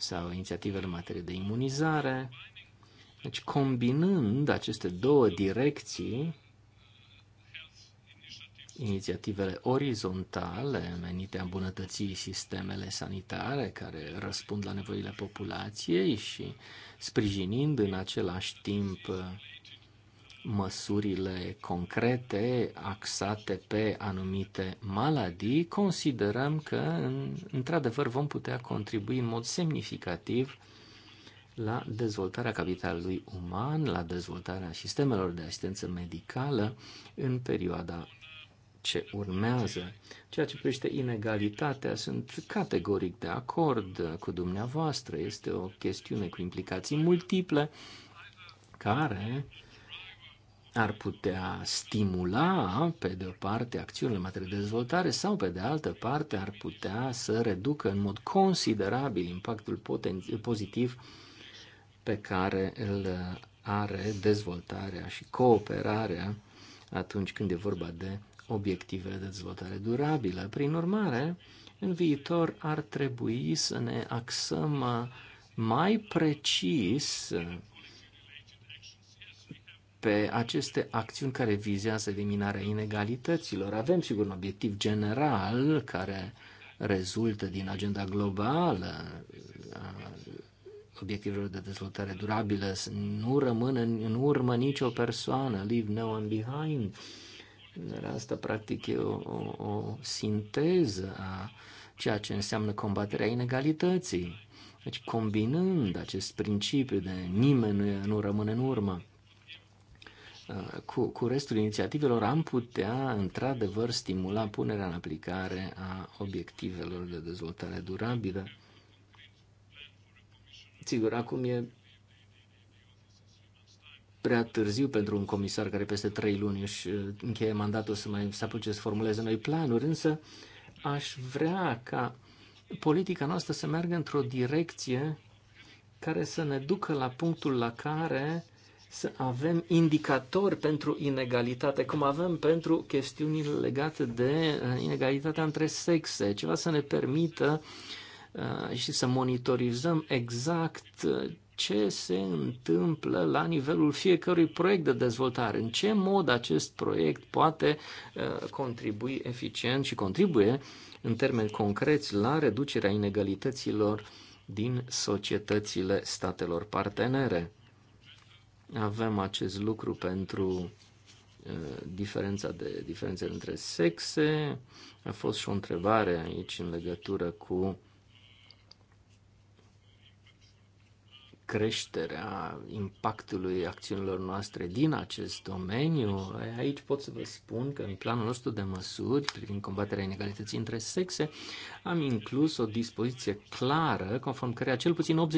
sau inițiativele în materie de imunizare. Deci, combinând aceste două direcții, inițiativele orizontale menite a îmbunătăți sistemele sanitare care răspund la nevoile populației și sprijinind în același timp măsurile concrete axate pe anumite maladii, considerăm că, într-adevăr, vom putea contribui în mod semnificativ la dezvoltarea capitalului uman, la dezvoltarea sistemelor de asistență medicală în perioada ce urmează. Ceea ce privește inegalitatea, sunt categoric de acord cu dumneavoastră. Este o chestiune cu implicații multiple care ar putea stimula, pe de o parte, acțiunile în materie de dezvoltare sau, pe de altă parte, ar putea să reducă în mod considerabil impactul pozitiv pe care îl are dezvoltarea și cooperarea atunci când e vorba de obiective de dezvoltare durabilă. Prin urmare, în viitor ar trebui să ne axăm mai precis pe aceste acțiuni care vizează eliminarea inegalităților. Avem, sigur, un obiectiv general care rezultă din agenda globală a obiectivelor de dezvoltare durabilă, să nu rămână în urmă nicio persoană, leave no one behind. Asta, practic, e o, o, o sinteză a ceea ce înseamnă combaterea inegalității. Deci, combinând acest principiu de nimeni nu rămâne în urmă, cu, cu restul inițiativelor am putea, într-adevăr, stimula punerea în aplicare a obiectivelor de dezvoltare durabilă. Sigur, acum e prea târziu pentru un comisar care peste trei luni își uh, încheie mandatul să mai să apuce să formuleze noi planuri, însă aș vrea ca politica noastră să meargă într-o direcție care să ne ducă la punctul la care uh, să avem indicatori pentru inegalitate, cum avem pentru chestiunile legate de uh, inegalitatea între sexe, ceva să ne permită uh, și să monitorizăm exact uh, ce se întâmplă la nivelul fiecărui proiect de dezvoltare, în ce mod acest proiect poate contribui eficient și contribuie în termeni concreți la reducerea inegalităților din societățile statelor partenere. Avem acest lucru pentru diferența de, diferențele între sexe. A fost și o întrebare aici în legătură cu creșterea impactului acțiunilor noastre din acest domeniu. Aici pot să vă spun că în planul nostru de măsuri privind combaterea inegalității între sexe am inclus o dispoziție clară conform căreia cel puțin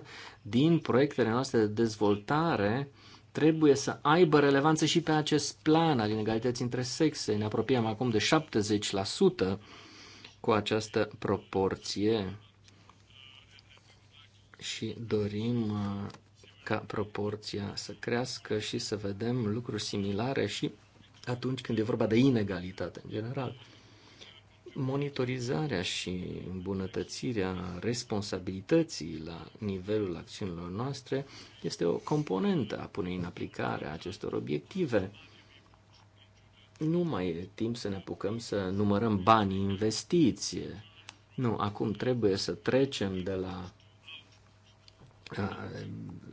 85% din proiectele noastre de dezvoltare trebuie să aibă relevanță și pe acest plan al inegalității între sexe. Ne apropiem acum de 70% cu această proporție și dorim uh, ca proporția să crească și să vedem lucruri similare și atunci când e vorba de inegalitate în general. Monitorizarea și îmbunătățirea responsabilității la nivelul acțiunilor noastre este o componentă a punei în aplicare a acestor obiective. Nu mai e timp să ne apucăm să numărăm banii investiție. Nu, acum trebuie să trecem de la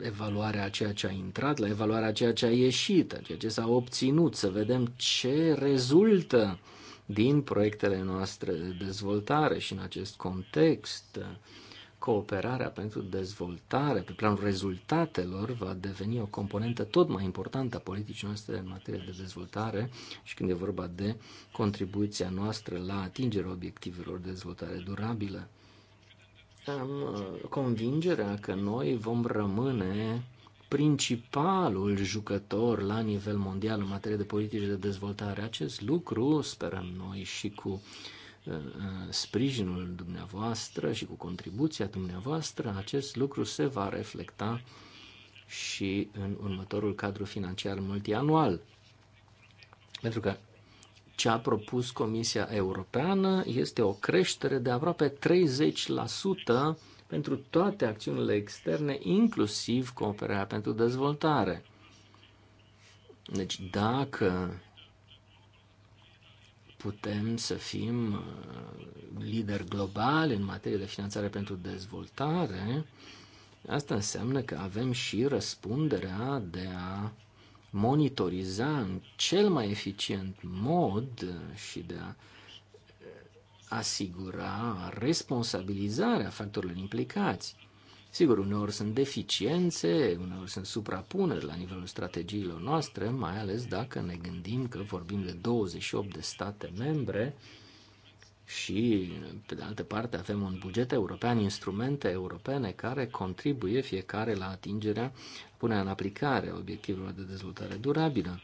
evaluarea a ceea ce a intrat, la evaluarea a ceea ce a ieșit, a ceea ce s-a obținut, să vedem ce rezultă din proiectele noastre de dezvoltare și în acest context cooperarea pentru dezvoltare pe planul rezultatelor va deveni o componentă tot mai importantă a politicii noastre în materie de dezvoltare și când e vorba de contribuția noastră la atingerea obiectivelor de dezvoltare durabilă am uh, convingerea că noi vom rămâne principalul jucător la nivel mondial în materie de politici de dezvoltare. Acest lucru sperăm noi și cu uh, uh, sprijinul dumneavoastră și cu contribuția dumneavoastră, acest lucru se va reflecta și în următorul cadru financiar multianual. Pentru că ce a propus Comisia Europeană este o creștere de aproape 30% pentru toate acțiunile externe, inclusiv cooperarea pentru dezvoltare. Deci dacă putem să fim uh, lideri globali în materie de finanțare pentru dezvoltare, asta înseamnă că avem și răspunderea de a monitoriza în cel mai eficient mod și de a eh, asigura responsabilizarea factorilor implicați. Sigur, uneori sunt deficiențe, uneori sunt suprapuneri la nivelul strategiilor noastre, mai ales dacă ne gândim că vorbim de 28 de state membre și, pe de altă parte, avem un buget european, instrumente europene care contribuie fiecare la atingerea punerea în aplicare obiectivele de dezvoltare durabilă.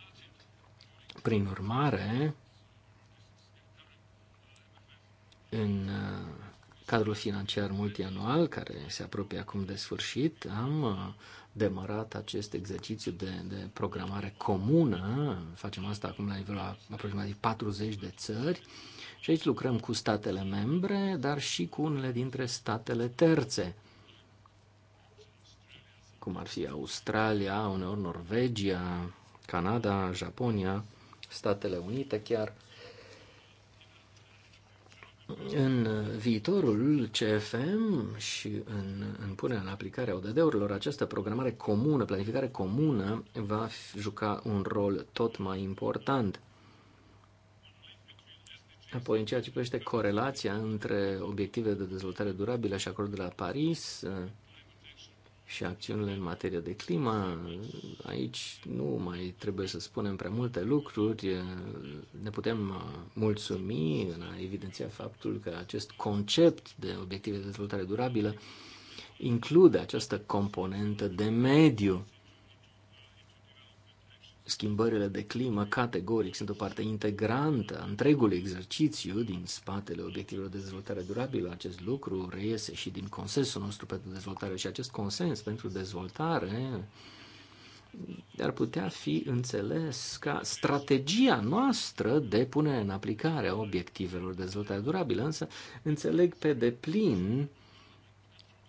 Prin urmare, în uh, cadrul financiar multianual, care se apropie acum de sfârșit, am uh, demarat acest exercițiu de, de programare comună. Facem asta acum la nivelul aproximativ 40 de țări și aici lucrăm cu statele membre, dar și cu unele dintre statele terțe cum ar fi Australia, uneori Norvegia, Canada, Japonia, Statele Unite chiar. În viitorul CFM și în, în punerea în aplicare a ODD-urilor, această programare comună, planificare comună, va juca un rol tot mai important. Apoi, în ceea ce privește corelația între obiectivele de dezvoltare durabilă și acordul de la Paris, și acțiunile în materie de climă. Aici nu mai trebuie să spunem prea multe lucruri. Ne putem uh, mulțumi în a evidenția faptul că acest concept de obiective de dezvoltare durabilă include această componentă de mediu schimbările de climă, categoric, sunt o parte integrantă a întregului exercițiu din spatele obiectivelor de dezvoltare durabilă. Acest lucru reiese și din consensul nostru pentru dezvoltare și acest consens pentru dezvoltare ar putea fi înțeles ca strategia noastră de punere în aplicare a obiectivelor de dezvoltare durabilă, însă înțeleg pe deplin uh,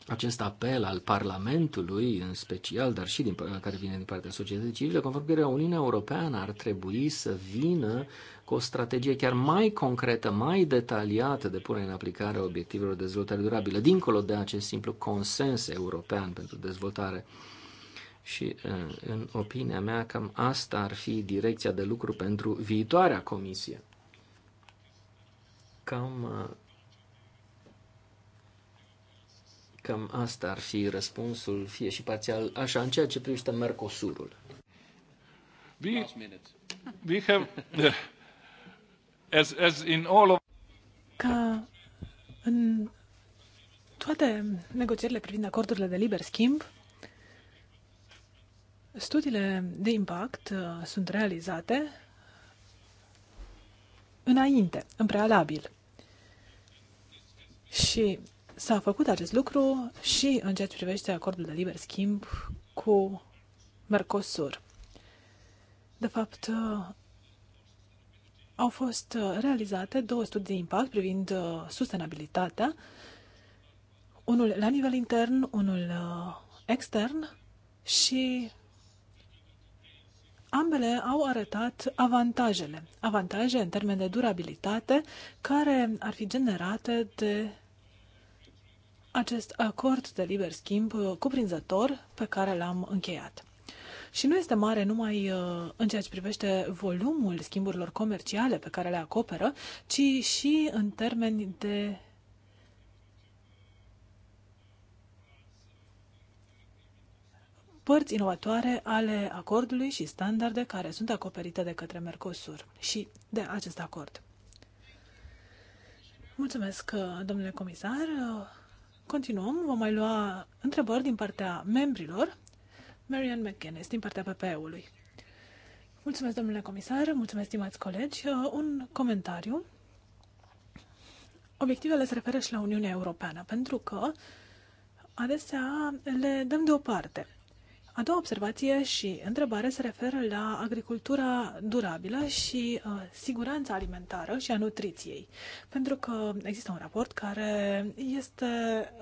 acest apel al Parlamentului, în special, dar și din, care vine din partea societății civile, conform că Uniunea Europeană ar trebui să vină cu o strategie chiar mai concretă, mai detaliată de punere în aplicare a obiectivelor de dezvoltare durabilă, dincolo de acest simplu consens european pentru dezvoltare. Și, în opinia mea, cam asta ar fi direcția de lucru pentru viitoarea comisie. Cam uh, Cam asta ar fi răspunsul, fie și parțial, așa, în ceea ce privește Mercosurul. We, we have, as, as in all of... Ca în toate negocierile privind acordurile de liber schimb, studiile de impact uh, sunt realizate înainte, în prealabil. Și S-a făcut acest lucru și în ceea ce privește acordul de liber schimb cu Mercosur. De fapt, uh, au fost uh, realizate două studii de impact privind uh, sustenabilitatea, unul la nivel intern, unul extern și ambele au arătat avantajele, avantaje în termen de durabilitate care ar fi generate de acest acord de liber schimb uh, cuprinzător pe care l-am încheiat. Și nu este mare numai uh, în ceea ce privește volumul schimburilor comerciale pe care le acoperă, ci și în termeni de părți inovatoare ale acordului și standarde care sunt acoperite de către Mercosur și de acest acord. Mulțumesc, uh, domnule comisar. Continuăm, vom mai lua întrebări din partea membrilor. Marian McGuinness, din partea PPE-ului. Mulțumesc, domnule comisar, mulțumesc, stimați colegi. Un comentariu. Obiectivele se referă și la Uniunea Europeană, pentru că adesea le dăm deoparte. A doua observație și întrebare se referă la agricultura durabilă și uh, siguranța alimentară și a nutriției. Pentru că există un raport care este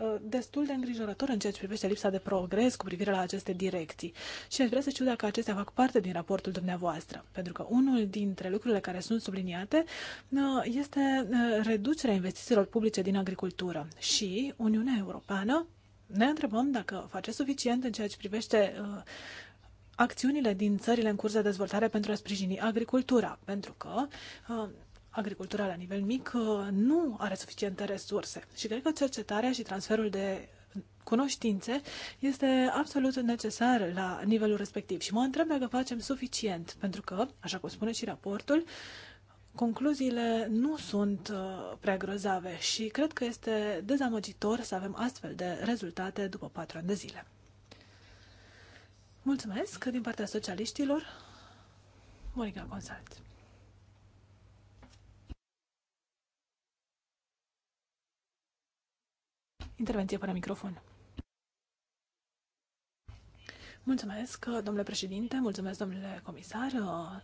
uh, destul de îngrijorător în ceea ce privește lipsa de progres cu privire la aceste direcții. Și aș vrea să știu dacă acestea fac parte din raportul dumneavoastră. Pentru că unul dintre lucrurile care sunt subliniate uh, este uh, reducerea investițiilor publice din agricultură. Și Uniunea Europeană ne întrebăm dacă face suficient în ceea ce privește uh, acțiunile din țările în curs de dezvoltare pentru a sprijini agricultura, pentru că uh, agricultura la nivel mic uh, nu are suficiente resurse și cred că cercetarea și transferul de cunoștințe este absolut necesar la nivelul respectiv și mă întreb dacă facem suficient, pentru că, așa cum spune și raportul, uh, concluziile nu sunt uh, prea grozave și cred că este dezamăgitor să avem astfel de rezultate după patru ani de zile. Mulțumesc din partea socialiștilor. Monica Gonzalez. Intervenție fără microfon. Mulțumesc, domnule președinte, mulțumesc, domnule comisar.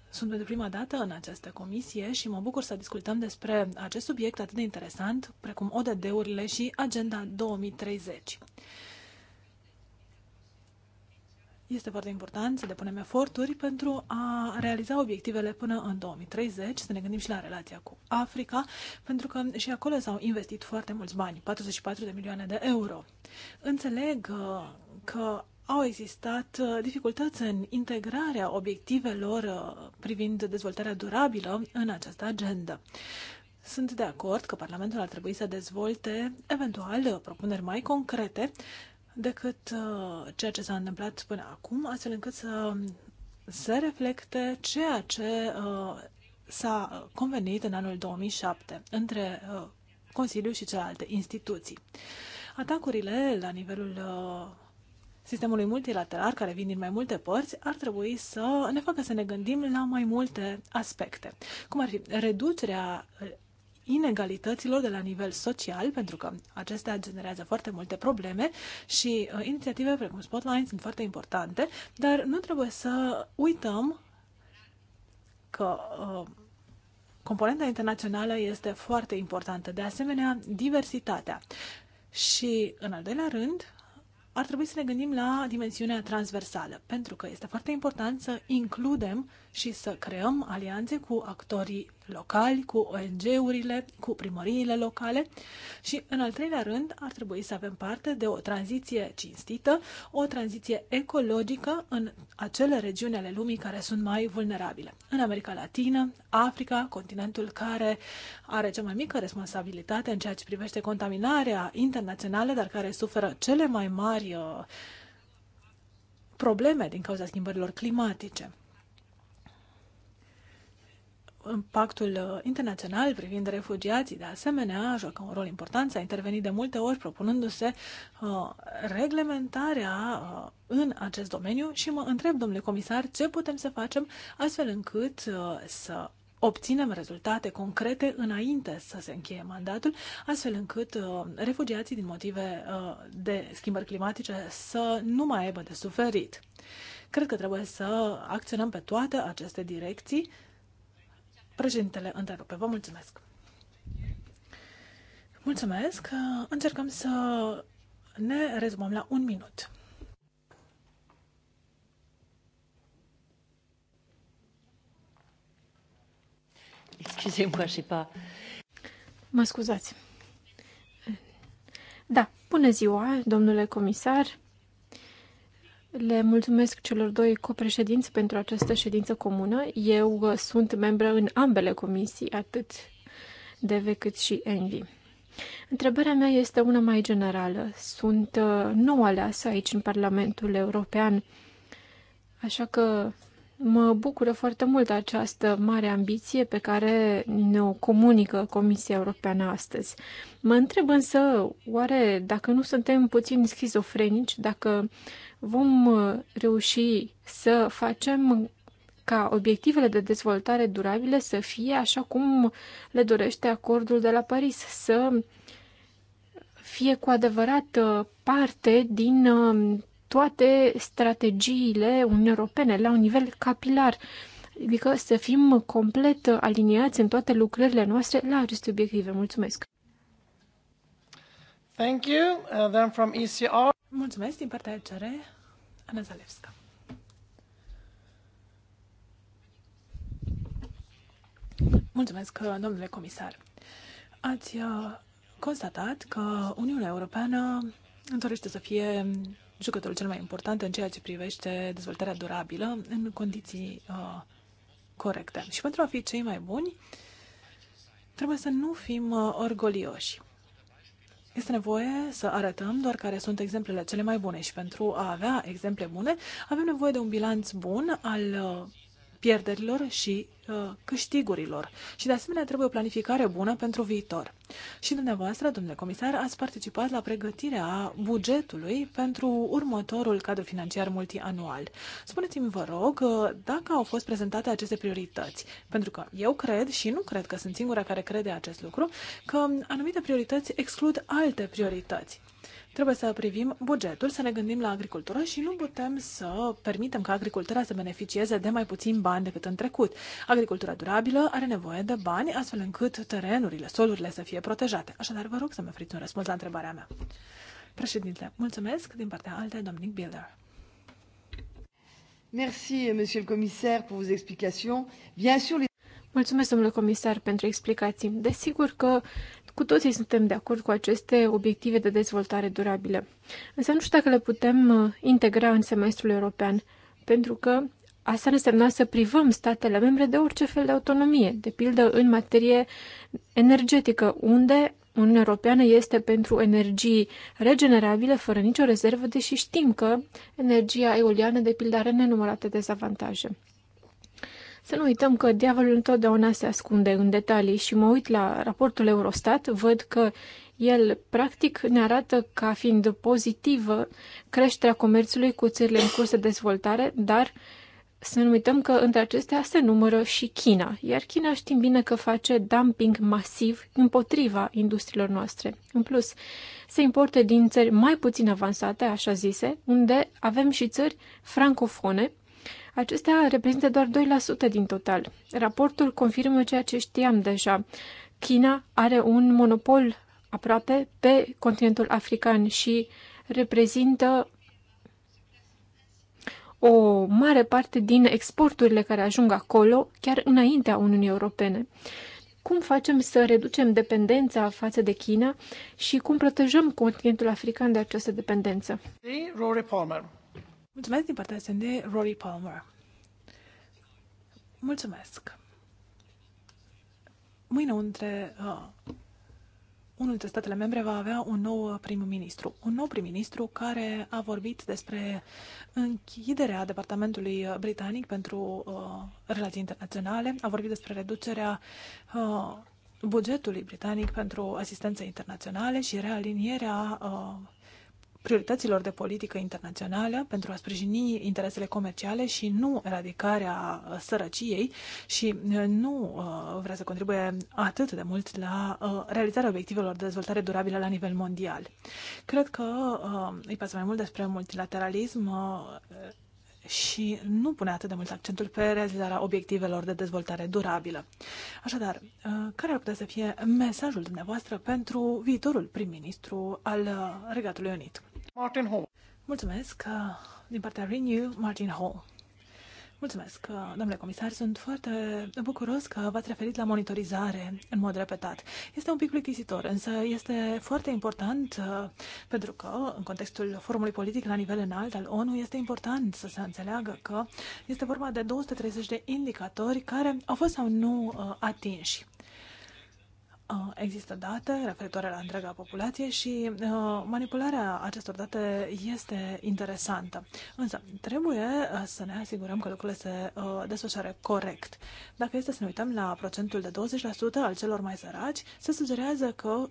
Sunt pentru prima dată în această comisie și mă bucur să discutăm despre acest subiect atât de interesant, precum ODD-urile și Agenda 2030. Este foarte important să depunem eforturi pentru a realiza obiectivele până în 2030, să ne gândim și la relația cu Africa, pentru că și acolo s-au investit foarte mulți bani, 44 de milioane de euro. Înțeleg uh, că au existat uh, dificultăți în integrarea obiectivelor uh, privind dezvoltarea durabilă în această agendă. Sunt de acord că Parlamentul ar trebui să dezvolte eventual uh, propuneri mai concrete decât ceea ce s-a întâmplat până acum, astfel încât să se reflecte ceea ce s-a convenit în anul 2007 între Consiliu și celelalte instituții. Atacurile la nivelul sistemului multilateral, care vin din mai multe părți, ar trebui să ne facă să ne gândim la mai multe aspecte, cum ar fi reducerea eh, inegalităților de la nivel social, pentru că acestea generează foarte multe probleme și eh, inițiative precum Spotlight sunt foarte importante, dar nu trebuie să uităm că uh, componenta internațională este foarte importantă. De asemenea, diversitatea. Și, în al doilea rând, ar trebui să ne gândim la dimensiunea transversală, pentru că este foarte important să includem și să creăm alianțe cu actorii locali, cu ONG-urile, cu primăriile locale și, în al treilea rând, ar trebui să avem parte de o tranziție cinstită, o tranziție ecologică în acele regiuni ale lumii care sunt mai vulnerabile. În America Latină, Africa, continentul care are cea mai mică responsabilitate în ceea ce privește contaminarea internațională, dar care suferă cele mai mari uh, probleme din cauza schimbărilor climatice. Pactul uh, internațional privind refugiații, de asemenea, joacă un rol important. S-a intervenit de multe ori propunându-se uh, reglementarea uh, în acest domeniu și mă întreb, domnule comisar, ce putem să facem astfel încât uh, să obținem rezultate concrete înainte să se încheie mandatul, astfel încât uh, refugiații din motive uh, de schimbări climatice să nu mai aibă de suferit. Cred că trebuie să acționăm pe toate aceste direcții Președintele întrerupe. Vă mulțumesc. Mulțumesc. Încercăm să ne rezumăm la un minut. Excusez-moi, je pas. Mă scuzați. Da, bună ziua, domnule comisar. Le mulțumesc celor doi copreședinți pentru această ședință comună. Eu uh, sunt membră în ambele comisii, atât DV cât și ENVI. Întrebarea mea este una mai generală. Sunt uh, nou aleasă aici în Parlamentul European, așa că Mă bucură foarte mult această mare ambiție pe care ne-o comunică Comisia Europeană astăzi. Mă întreb însă, oare dacă nu suntem puțin schizofrenici, dacă vom reuși să facem ca obiectivele de dezvoltare durabile să fie așa cum le dorește acordul de la Paris, să fie cu adevărat parte din toate strategiile Uniunii Europene la un nivel capilar. Adică să fim complet aliniați în toate lucrările noastre la aceste obiective. Mulțumesc! Thank you. Uh, then from ECR. Mulțumesc din partea ECR, Ana Zalewska. Mulțumesc, uh, domnule comisar. Ați uh, constatat că Uniunea Europeană îmi dorește să fie jucătorul cel mai important în ceea ce privește dezvoltarea durabilă în condiții uh, corecte. Și pentru a fi cei mai buni, trebuie să nu fim uh, orgolioși. Este nevoie să arătăm doar care sunt exemplele cele mai bune și pentru a avea exemple bune, avem nevoie de un bilanț bun al uh, pierderilor și uh, câștigurilor. Și de asemenea trebuie o planificare bună pentru viitor. Și dumneavoastră, domnule comisar, ați participat la pregătirea bugetului pentru următorul cadru financiar multianual. Spuneți-mi, vă rog, uh, dacă au fost prezentate aceste priorități, pentru că eu cred și nu cred că sunt singura care crede acest lucru, că anumite priorități exclud alte priorități. Trebuie să privim bugetul, să ne gândim la agricultură și nu putem să permitem ca agricultura să beneficieze de mai puțin bani decât în trecut. Agricultura durabilă are nevoie de bani astfel încât terenurile, solurile să fie protejate. Așadar, vă rog să-mi oferiți un răspuns la întrebarea mea. Președinte, mulțumesc din partea alte, Dominic Bilder. Merci, monsieur le commissaire, pour vos explications. Bien sûr, les... Mulțumesc, domnule comisar, pentru explicații. Desigur că cu toții suntem de acord cu aceste obiective de dezvoltare durabilă. Însă nu știu dacă le putem uh, integra în semestrul european, pentru că asta însemna să privăm statele membre de orice fel de autonomie, de pildă în materie energetică, unde Uniunea Europeană este pentru energii regenerabile, fără nicio rezervă, deși știm că energia eoliană, de pildă, are nenumărate dezavantaje. Să nu uităm că diavolul întotdeauna se ascunde în detalii și mă uit la raportul Eurostat, văd că el practic ne arată ca fiind pozitivă creșterea comerțului cu țările în curs de dezvoltare, dar să nu uităm că între acestea se numără și China, iar China știm bine că face dumping masiv împotriva industriilor noastre. În plus, se importă din țări mai puțin avansate, așa zise, unde avem și țări francofone, Acestea reprezintă doar 2% din total. Raportul confirmă ceea ce știam deja. China are un monopol aproape pe continentul african și reprezintă o mare parte din exporturile care ajung acolo, chiar înaintea Uniunii Europene. Cum facem să reducem dependența față de China și cum protejăm continentul african de această dependență? Rory Palmer. Mulțumesc din partea de Rory Palmer. Mulțumesc. Mâine între uh, unul dintre statele membre va avea un nou uh, prim-ministru. Un nou prim-ministru care a vorbit despre închiderea Departamentului uh, Britanic pentru uh, Relații Internaționale, a vorbit despre reducerea uh, bugetului britanic pentru asistență internaționale și realinierea uh, priorităților de politică internațională pentru a sprijini interesele comerciale și nu eradicarea uh, sărăciei și uh, nu uh, vrea să contribuie atât de mult la realizarea obiectivelor de dezvoltare durabilă la nivel mondial. Cred că îi pasă mai mult despre multilateralism și nu pune atât de mult accentul pe realizarea obiectivelor de dezvoltare durabilă. Așadar, care ar putea să fie mesajul dumneavoastră pentru viitorul prim-ministru al Regatului Unit? Martin Hall. Mulțumesc uh, din partea Renew, Martin Hall. Mulțumesc, uh, domnule comisar. Sunt foarte bucuros că v-ați referit la monitorizare în mod repetat. Este un pic plictisitor, însă este foarte important uh, pentru că, în contextul forumului politic la nivel înalt al ONU, este important să se înțeleagă că este vorba de 230 de indicatori care au fost sau nu atinși. Există date referitoare la întreaga populație și uh, manipularea acestor date este interesantă. Însă, trebuie uh, să ne asigurăm că lucrurile se uh, desfășoară desfășoare corect. Dacă este să ne uităm la procentul de 20% al celor mai săraci, se sugerează că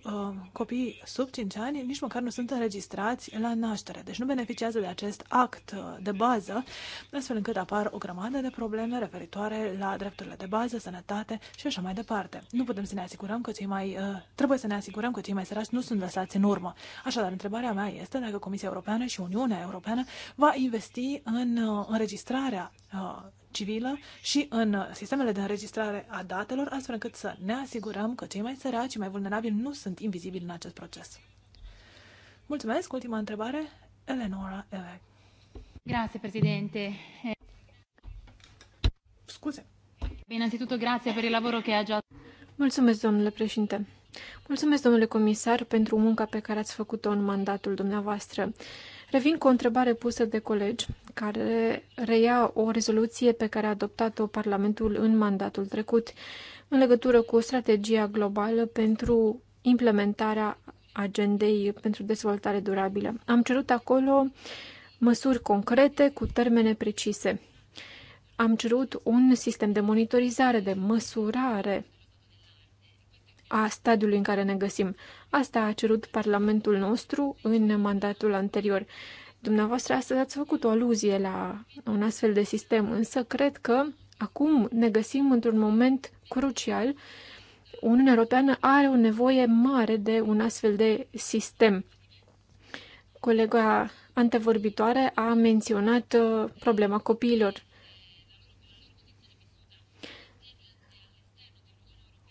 copiii sub 5 ani nici măcar nu sunt înregistrați la naștere, deci nu beneficiază de acest act de bază, astfel încât apar o grămadă de probleme referitoare la drepturile de bază, sănătate și așa mai departe. Nu putem să ne asigurăm că cei mai, uh, trebuie să ne asigurăm că cei mai săraci nu sunt lăsați în urmă. Așadar, întrebarea mea este dacă Comisia Europeană și Uniunea Europeană va investi în uh, înregistrarea uh, civilă și în sistemele de înregistrare a datelor, astfel încât să ne asigurăm că cei mai săraci și mai vulnerabili nu sunt invizibili în acest proces. Mulțumesc. Ultima întrebare, Eleonora Elec. Grazie, Presidente. Scuze. Innanzitutto grazie per il lavoro che ha già... Mulțumesc, domnule președinte. Mulțumesc, domnule comisar, pentru munca pe care ați făcut-o în mandatul dumneavoastră. Revin cu o întrebare pusă de colegi, care reia o rezoluție pe care a adoptat-o Parlamentul în mandatul trecut, în legătură cu strategia globală pentru implementarea agendei pentru dezvoltare durabilă. Am cerut acolo măsuri concrete cu termene precise. Am cerut un sistem de monitorizare, de măsurare a stadiului în care ne găsim. Asta a cerut Parlamentul nostru în mandatul anterior. Dumneavoastră astăzi ați făcut o aluzie la un astfel de sistem, însă cred că acum ne găsim într-un moment crucial. Uniunea Europeană are o nevoie mare de un astfel de sistem. Colega antevorbitoare a menționat uh, problema copiilor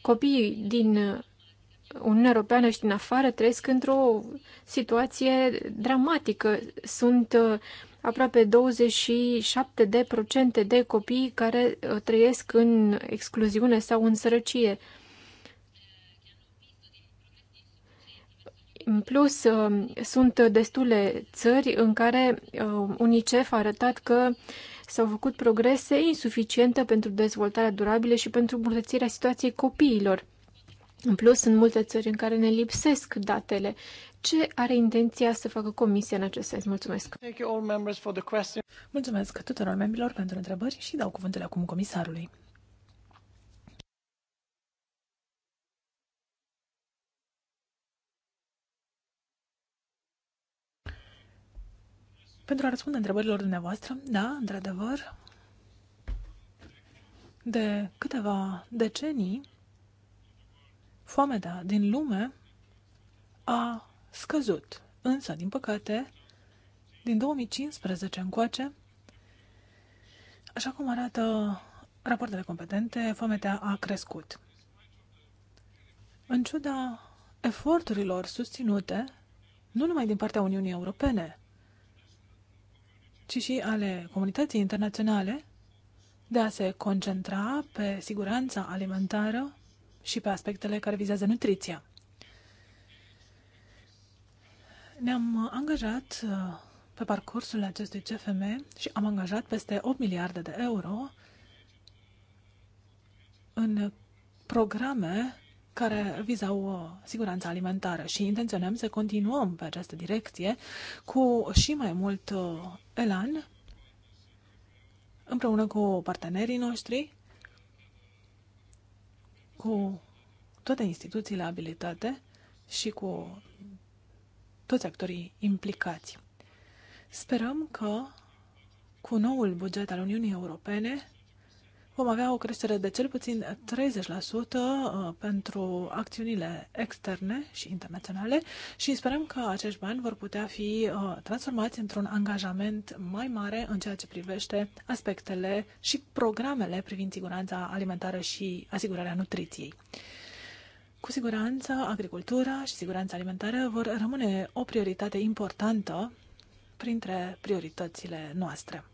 copiii din uh, Uniunea Europeană și din afară trăiesc într-o situație dramatică. Sunt uh, aproape 27 de procente de copii care uh, trăiesc în excluziune sau în sărăcie. În plus, sunt destule țări în care UNICEF a arătat că S-au făcut progrese insuficiente pentru dezvoltarea durabilă și pentru îmbunătățirea situației copiilor. În plus, sunt multe țări în care ne lipsesc datele. Ce are intenția să facă Comisia în acest sens? Mulțumesc! Mulțumesc tuturor membrilor pentru întrebări și dau cuvântul acum comisarului. Pentru a răspunde întrebărilor dumneavoastră, da, într-adevăr, de câteva decenii, foamea din lume a scăzut. Însă, din păcate, din 2015 încoace, așa cum arată rapoartele competente, foamea a crescut. În ciuda eforturilor susținute, nu numai din partea Uniunii Europene, ci și ale comunității internaționale de a se concentra pe siguranța alimentară și pe aspectele care vizează nutriția. Ne-am angajat uh, pe parcursul acestui CFM și am angajat peste 8 miliarde de euro în programe care vizau uh, siguranța alimentară și intenționăm să continuăm pe această direcție cu și mai mult uh, elan împreună cu partenerii noștri, cu toate instituțiile abilitate și cu toți actorii implicați. Sperăm că cu noul buget al Uniunii Europene vom avea o creștere de cel puțin 30% uh, pentru acțiunile externe și internaționale și sperăm că acești bani vor putea fi uh, transformați într-un angajament mai mare în ceea ce privește aspectele și programele privind siguranța alimentară și asigurarea nutriției. Cu siguranță, agricultura și siguranța alimentară vor rămâne o prioritate importantă printre prioritățile noastre.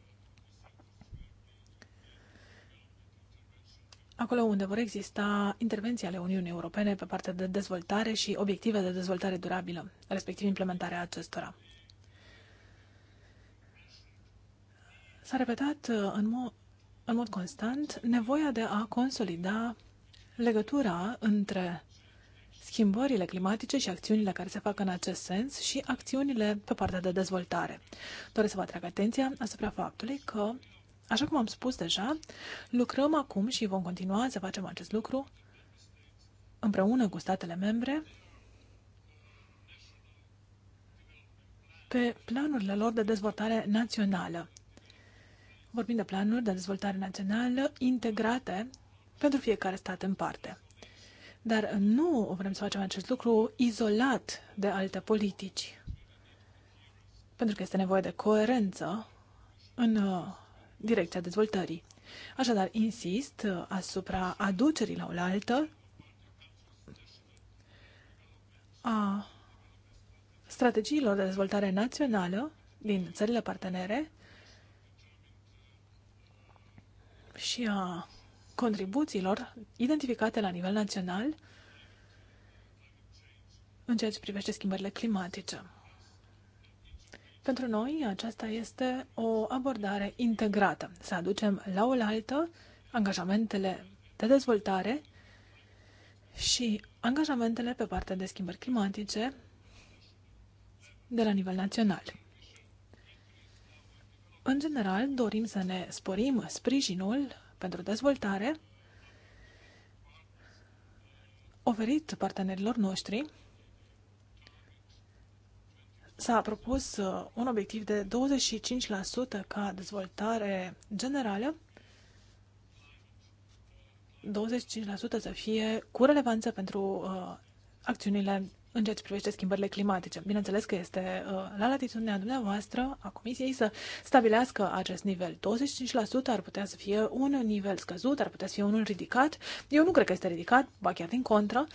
acolo unde vor exista intervenții ale Uniunii Europene pe partea de dezvoltare și obiective de dezvoltare durabilă, respectiv implementarea acestora. S-a repetat uh, în, mo- în mod constant nevoia de a consolida legătura între schimbările climatice și acțiunile care se fac în acest sens și acțiunile pe partea de dezvoltare. Doresc să vă atrag atenția asupra faptului că Așa cum am spus deja, lucrăm acum și vom continua să facem acest lucru împreună cu statele membre pe planurile lor de dezvoltare națională. Vorbim de planuri de dezvoltare națională integrate pentru fiecare stat în parte. Dar nu vrem să facem acest lucru izolat de alte politici. Pentru că este nevoie de coerență în uh, direcția dezvoltării. Așadar, insist uh, asupra aducerii la oaltă a strategiilor de dezvoltare națională din țările partenere și a contribuțiilor identificate la nivel național în ceea ce privește schimbările climatice. Pentru noi aceasta este o abordare integrată. Să aducem la oaltă angajamentele de dezvoltare și angajamentele pe partea de schimbări climatice de la nivel național. În general, dorim să ne sporim sprijinul pentru dezvoltare oferit partenerilor noștri s-a propus uh, un obiectiv de 25% ca dezvoltare generală, 25% să fie cu relevanță pentru uh, acțiunile în ceea ce privește schimbările climatice. Bineînțeles că este uh, la latitudinea dumneavoastră a Comisiei să stabilească acest nivel. 25% ar putea să fie un nivel scăzut, ar putea să fie unul ridicat. Eu nu cred că este ridicat, ba chiar din contră.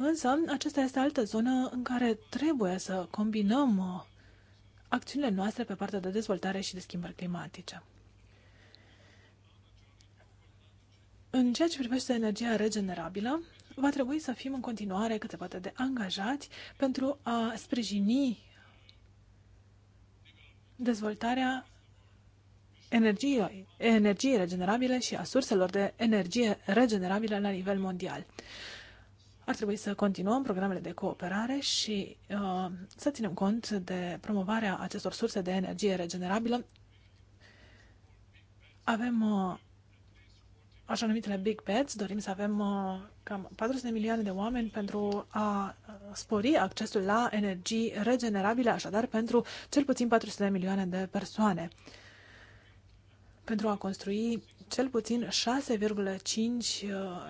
Însă, aceasta este altă zonă în care trebuie să combinăm uh, acțiunile noastre pe partea de dezvoltare și de schimbări climatice. În ceea ce privește energia regenerabilă, va trebui să fim în continuare cât se poate de angajați pentru a sprijini dezvoltarea energiei, energiei regenerabile și a surselor de energie regenerabilă la nivel mondial. Ar trebui să continuăm programele de cooperare și uh, să ținem cont de promovarea acestor surse de energie regenerabilă. Avem uh, așa numitele Big Bets, dorim să avem uh, cam 400 de milioane de oameni pentru a uh, spori accesul la energii regenerabile, așadar pentru cel puțin 400 de milioane de persoane. Pentru a construi cel puțin 6,5% uh,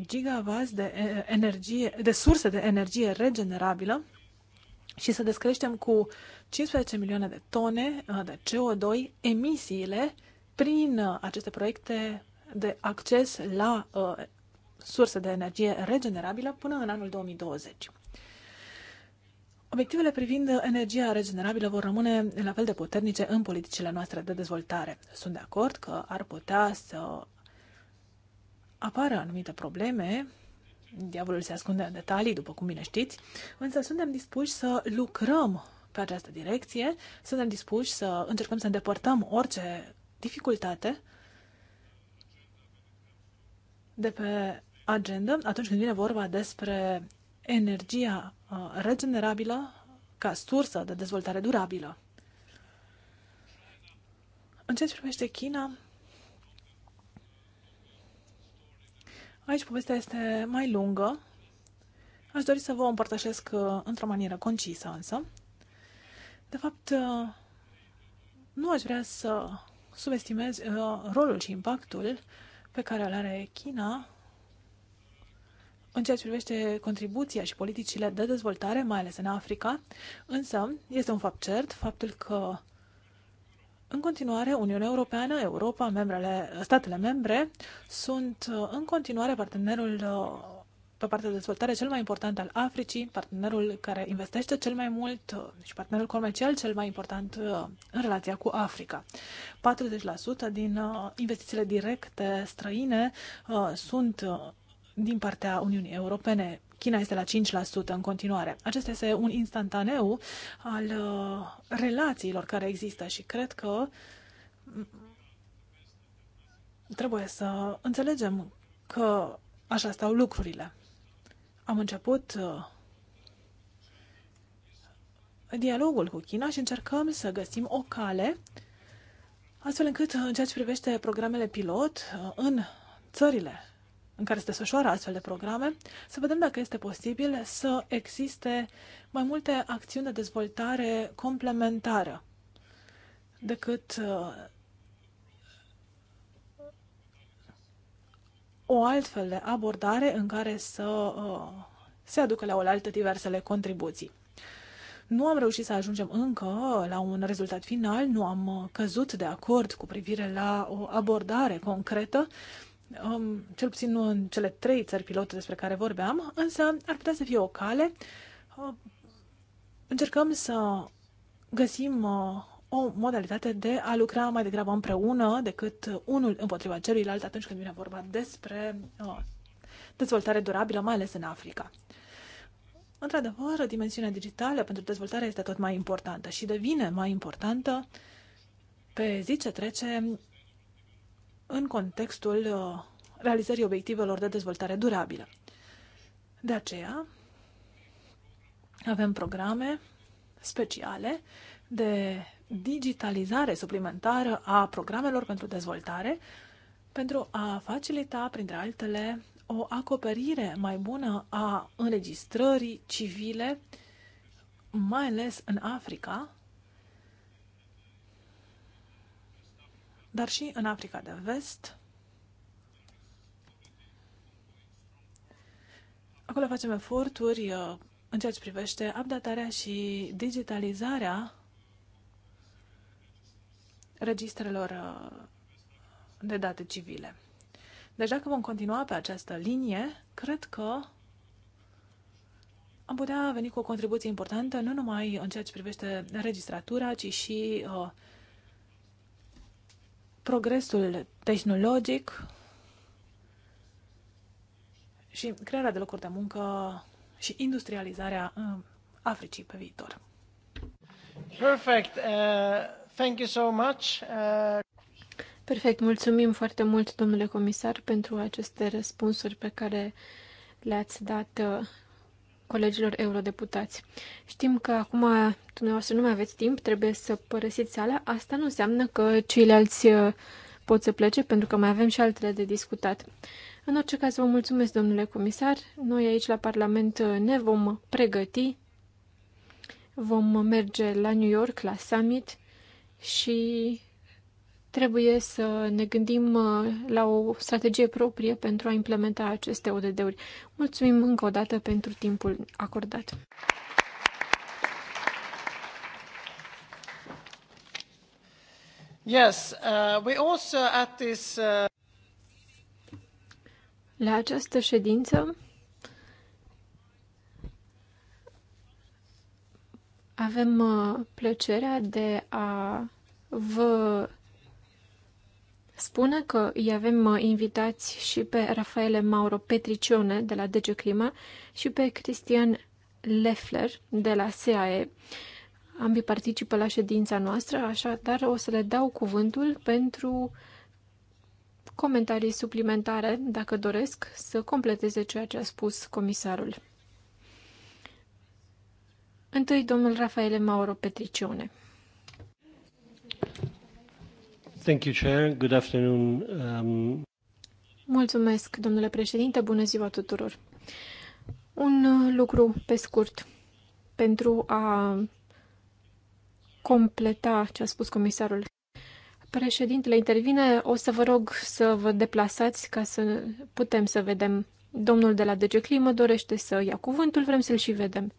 gigavați de energie, de surse de energie regenerabilă și să descreștem cu 15 milioane de tone uh, de CO2 emisiile prin uh, aceste proiecte de acces la surse de energie regenerabilă până în anul 2020. Obiectivele privind energia regenerabilă vor rămâne la fel de puternice în politicile noastre de dezvoltare. Sunt de acord că ar putea să apară anumite probleme, diavolul se ascunde în detalii, după cum bine știți, însă suntem dispuși să lucrăm pe această direcție, suntem dispuși să încercăm să îndepărtăm orice dificultate de pe agenda atunci când vine vorba despre energia uh, regenerabilă ca sursă de dezvoltare durabilă. În ceea ce privește China, aici povestea este mai lungă. Aș dori să vă o împărtășesc uh, într-o manieră concisă, însă. De fapt, uh, nu aș vrea să subestimez rolul și impactul pe care îl are China în ceea ce privește contribuția și politicile de dezvoltare, mai ales în Africa, însă este un fapt cert faptul că în continuare, Uniunea Europeană, Europa, membrele, statele membre sunt uh, în continuare partenerul uh, pe partea de dezvoltare cel mai important al Africii, partenerul care investește cel mai mult uh, și partenerul comercial cel mai important în relația cu Africa. 40% din investițiile directe străine sunt din partea Uniunii Europene. China este la 5% în continuare. Acesta este un instantaneu al uh, relațiilor care există și cred că mm, trebuie să înțelegem că așa stau lucrurile. Am început uh, dialogul cu China și încercăm să găsim o cale astfel încât, în ceea ce privește programele pilot, uh, în țările în care se desfășoară astfel de programe, să vedem dacă este posibil să existe mai multe acțiuni de dezvoltare complementară decât uh, o altfel de abordare în care să uh, se aducă la oaltă diversele contribuții. Nu am reușit să ajungem încă la un rezultat final, nu am uh, căzut de acord cu privire la o abordare concretă, um, cel puțin nu în cele trei țări pilote despre care vorbeam, însă ar putea să fie o cale. Uh, încercăm să găsim uh, o modalitate de a lucra mai degrabă împreună decât unul împotriva celuilalt atunci când vine vorba despre uh, dezvoltare durabilă, mai ales în Africa. Într-adevăr, dimensiunea digitală pentru dezvoltare este tot mai importantă și devine mai importantă pe zi ce trece în contextul uh, realizării obiectivelor de dezvoltare durabilă. De aceea, avem programe speciale de digitalizare suplimentară a programelor pentru dezvoltare pentru a facilita, printre altele, o acoperire mai bună a înregistrării civile, mai ales în Africa, dar și în Africa de Vest. Acolo facem eforturi uh, în ceea ce privește updatarea și digitalizarea registrelor uh, de date civile. Deci dacă vom continua pe această linie, cred că am putea veni cu o contribuție importantă, nu numai în ceea ce privește registratura, ci și uh, progresul tehnologic și crearea de locuri de muncă și industrializarea uh, Africii pe viitor. Perfect. Uh, thank you so much. Uh... Perfect. Mulțumim foarte mult, domnule comisar, pentru aceste răspunsuri pe care le-ați dat uh, colegilor eurodeputați. Știm că acum dumneavoastră nu mai aveți timp, trebuie să părăsiți sala. Asta nu înseamnă că ceilalți uh, pot să plece, pentru că mai avem și altele de discutat. În orice caz, vă mulțumesc, domnule comisar. Noi aici la Parlament uh, ne vom pregăti. Vom merge la New York, la summit și trebuie să ne gândim uh, la o strategie proprie pentru a implementa aceste ODD-uri. Mulțumim încă o dată pentru timpul acordat. Yes, uh, we also at this, uh... La această ședință avem uh, plăcerea de a vă spună că îi avem uh, invitați și pe Rafaele Mauro Petricione de la DG Clima și pe Cristian Leffler de la SAE. Ambii participă la ședința noastră, așa dar o să le dau cuvântul pentru comentarii suplimentare, dacă doresc, să completeze ceea ce a spus comisarul. Întâi, domnul Rafaele Mauro Petricione. Thank you, Chair. Good afternoon. Um... Mulțumesc, domnule președinte. Bună ziua tuturor. Un uh, lucru pe scurt pentru a completa ce a spus comisarul. Președintele intervine. O să vă rog să vă deplasați ca să putem să vedem. Domnul de la DG Climă dorește să ia cuvântul. Vrem să-l și vedem.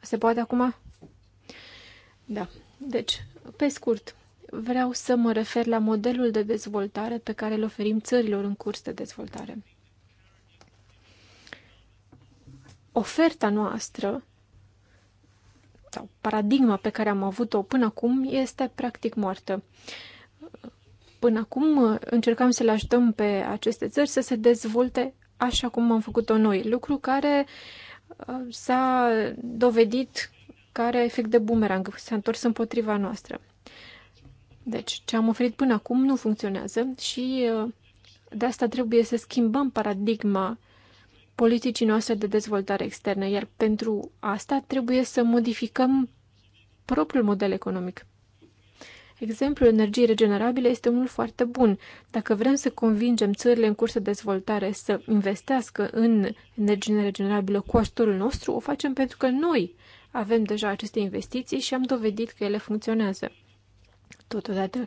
Se poate acum? Da. Deci, pe scurt, vreau să mă refer la modelul de dezvoltare pe care îl oferim țărilor în curs de dezvoltare. Oferta noastră sau paradigma pe care am avut-o până acum este practic moartă. Până acum uh, încercam să le ajutăm pe aceste țări să se dezvolte așa cum am făcut-o noi, lucru care uh, s-a dovedit care are efect de bumerang, s-a întors împotriva noastră. Deci, ce am oferit până acum nu funcționează și uh, de asta trebuie să schimbăm paradigma politicii noastre de dezvoltare externă, iar pentru asta trebuie să modificăm propriul model economic. Exemplul energiei regenerabile este unul foarte bun. Dacă vrem să convingem țările în curs de dezvoltare să investească în energie regenerabilă cu ajutorul nostru, o facem pentru că noi avem deja aceste investiții și am dovedit că ele funcționează. Totodată,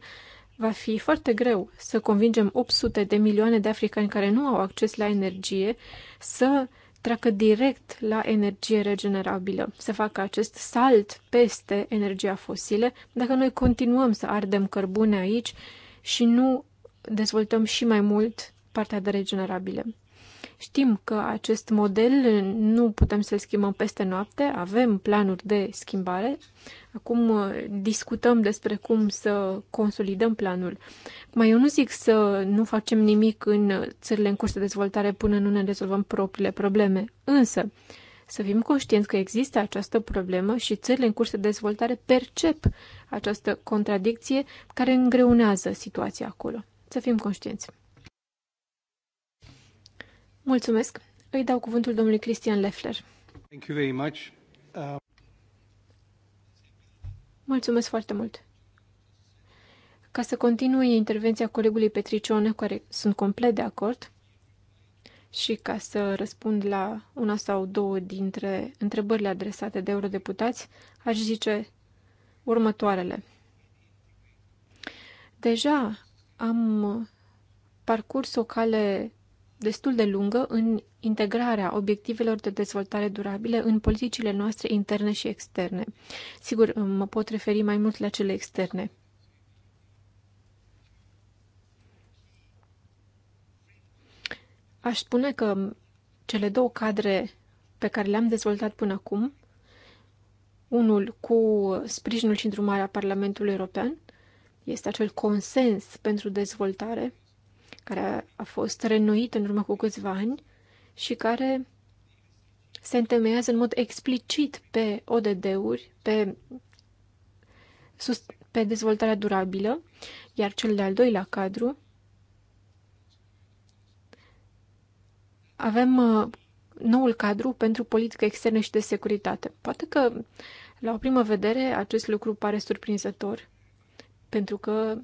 va fi foarte greu să convingem 800 de milioane de africani care nu au acces la energie să treacă direct la energie regenerabilă, să facă acest salt peste energia fosilă, dacă noi continuăm să ardem cărbune aici și nu dezvoltăm și mai mult partea de regenerabile. Știm că acest model nu putem să-l schimbăm peste noapte, avem planuri de schimbare. Acum uh, discutăm despre cum să consolidăm planul. Mai eu nu zic să nu facem nimic în țările în curs de dezvoltare până nu ne rezolvăm propriile probleme, însă să fim conștienți că există această problemă și țările în curs de dezvoltare percep această contradicție care îngreunează situația acolo. Să fim conștienți. Mulțumesc. Îi dau cuvântul domnului Cristian Leffler. Thank you very much. Uh... Mulțumesc foarte mult. Ca să continui intervenția colegului Petricione, cu care sunt complet de acord, și ca să răspund la una sau două dintre întrebările adresate de eurodeputați, aș zice următoarele. Deja am parcurs o cale destul de lungă în integrarea obiectivelor de dezvoltare durabile în politicile noastre interne și externe. Sigur, mă pot referi mai mult la cele externe. Aș spune că cele două cadre pe care le-am dezvoltat până acum, unul cu sprijinul și îndrumarea Parlamentului European, este acel consens pentru dezvoltare, care a fost renuit în urmă cu câțiva ani și care se întemeiază în mod explicit pe ODD-uri, pe, pe dezvoltarea durabilă, iar cel de-al doilea cadru avem uh, noul cadru pentru politică externă și de securitate. Poate că la o primă vedere acest lucru pare surprinzător, pentru că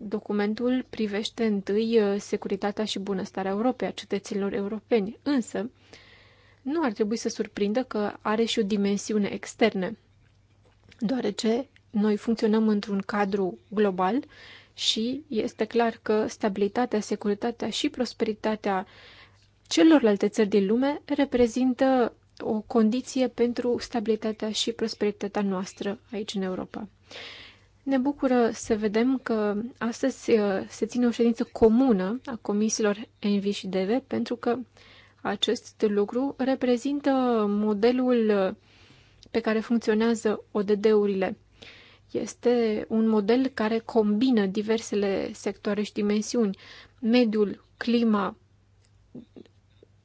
Documentul privește întâi uh, securitatea și bunăstarea Europei, a cetățenilor europeni, însă nu ar trebui să surprindă că are și o dimensiune externă, deoarece noi funcționăm într-un cadru global și este clar că stabilitatea, securitatea și prosperitatea celorlalte țări din lume reprezintă o condiție pentru stabilitatea și prosperitatea noastră aici în Europa. Ne bucură să vedem că astăzi uh, se ține o ședință comună a comisiilor Envi și DV, pentru că acest lucru reprezintă modelul uh, pe care funcționează ODD-urile. Este un model care combină diversele sectoare și dimensiuni, mediul, clima,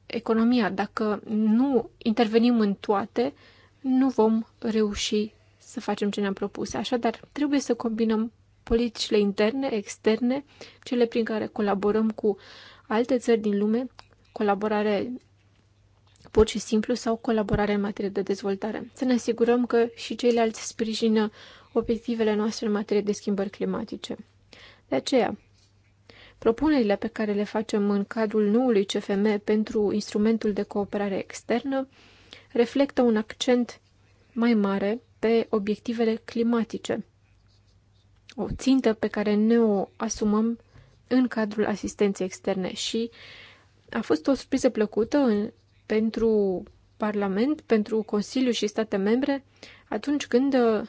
economia. Dacă nu intervenim în toate, nu vom reuși să facem ce ne-am propus. Așadar, trebuie să combinăm politicile interne, externe, cele prin care colaborăm cu alte țări din lume, colaborare pur și simplu sau colaborare în materie de dezvoltare. Să ne asigurăm că și ceilalți sprijină obiectivele noastre în materie de schimbări climatice. De aceea, propunerile pe care le facem în cadrul noului CFM pentru instrumentul de cooperare externă reflectă un accent mai mare pe obiectivele climatice, o țintă pe care ne o asumăm în cadrul asistenței externe și a fost o surpriză plăcută în, pentru Parlament, pentru Consiliu și state membre atunci când uh,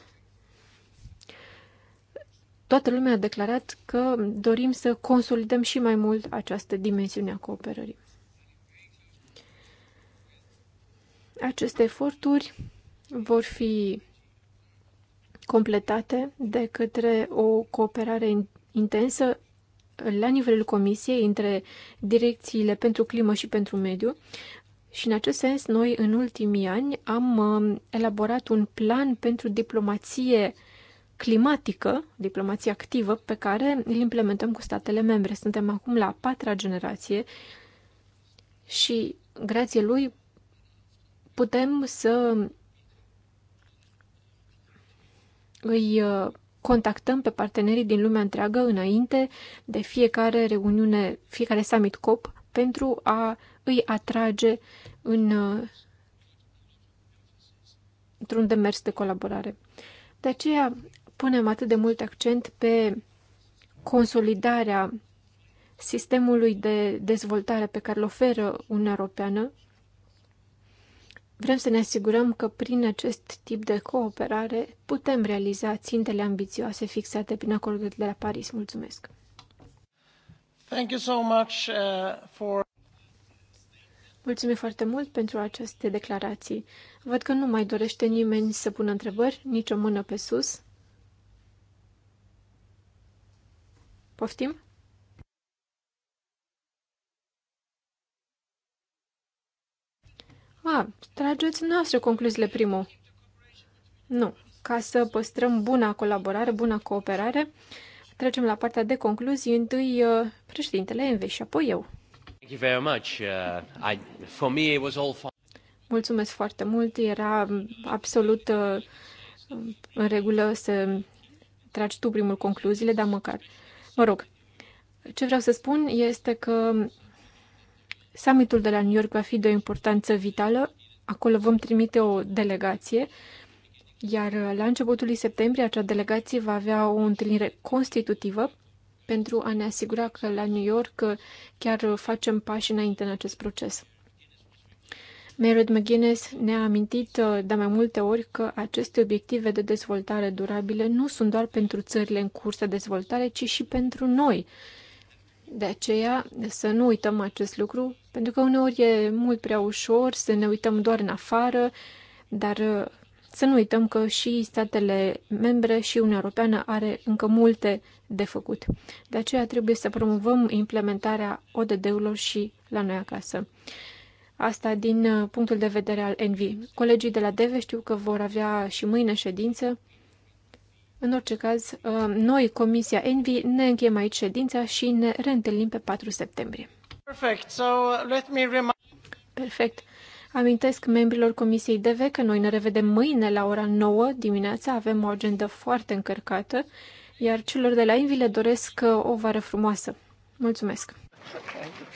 toată lumea a declarat că dorim să consolidăm și mai mult această dimensiune a cooperării. Aceste eforturi vor fi completate de către o cooperare intensă la nivelul Comisiei între direcțiile pentru climă și pentru mediu. Și în acest sens, noi în ultimii ani am um, elaborat un plan pentru diplomație climatică, diplomație activă, pe care îl implementăm cu statele membre. Suntem acum la a patra generație și, grație lui, putem să îi uh, contactăm pe partenerii din lumea întreagă înainte de fiecare reuniune, fiecare summit COP pentru a îi atrage în, uh, într-un demers de colaborare. De aceea punem atât de mult accent pe consolidarea sistemului de dezvoltare pe care îl oferă Uniunea Europeană Vrem să ne asigurăm că prin acest tip de cooperare putem realiza țintele ambițioase fixate prin acordul de la Paris. Mulțumesc! Thank you so much, uh, for... Mulțumim foarte mult pentru aceste declarații. Văd că nu mai dorește nimeni să pună întrebări, nicio mână pe sus. Poftim? A, trageți noastre concluziile primul. Nu. Ca să păstrăm buna colaborare, buna cooperare, trecem la partea de concluzii. Întâi uh, președintele Enve și apoi eu. Thank you very much. Uh, I, for me it was all Mulțumesc foarte mult. Era absolut uh, în regulă să tragi tu primul concluziile, dar măcar. Mă rog, ce vreau să spun este că Summitul de la New York va fi de o importanță vitală. Acolo vom trimite o delegație, iar la începutul lui septembrie acea delegație va avea o întâlnire constitutivă pentru a ne asigura că la New York chiar facem pași înainte în acest proces. Meredith McGuinness ne-a amintit uh, de mai multe ori că aceste obiective de dezvoltare durabile nu sunt doar pentru țările în curs de dezvoltare, ci și pentru noi. De aceea să nu uităm acest lucru pentru că uneori e mult prea ușor să ne uităm doar în afară, dar uh, să nu uităm că și statele membre și Uniunea Europeană are încă multe de făcut. De aceea trebuie să promovăm implementarea ODD-urilor și la noi acasă. Asta din uh, punctul de vedere al Envi. Colegii de la DEVE știu că vor avea și mâine ședință. În orice caz, uh, noi, Comisia Envi, ne încheiem aici ședința și ne reîntâlnim pe 4 septembrie. Perfect. So, let me remind... Perfect. Amintesc membrilor Comisiei DV că noi ne revedem mâine la ora 9 dimineața. Avem o agendă foarte încărcată, iar celor de la Invi le doresc uh, o vară frumoasă. Mulțumesc! Okay.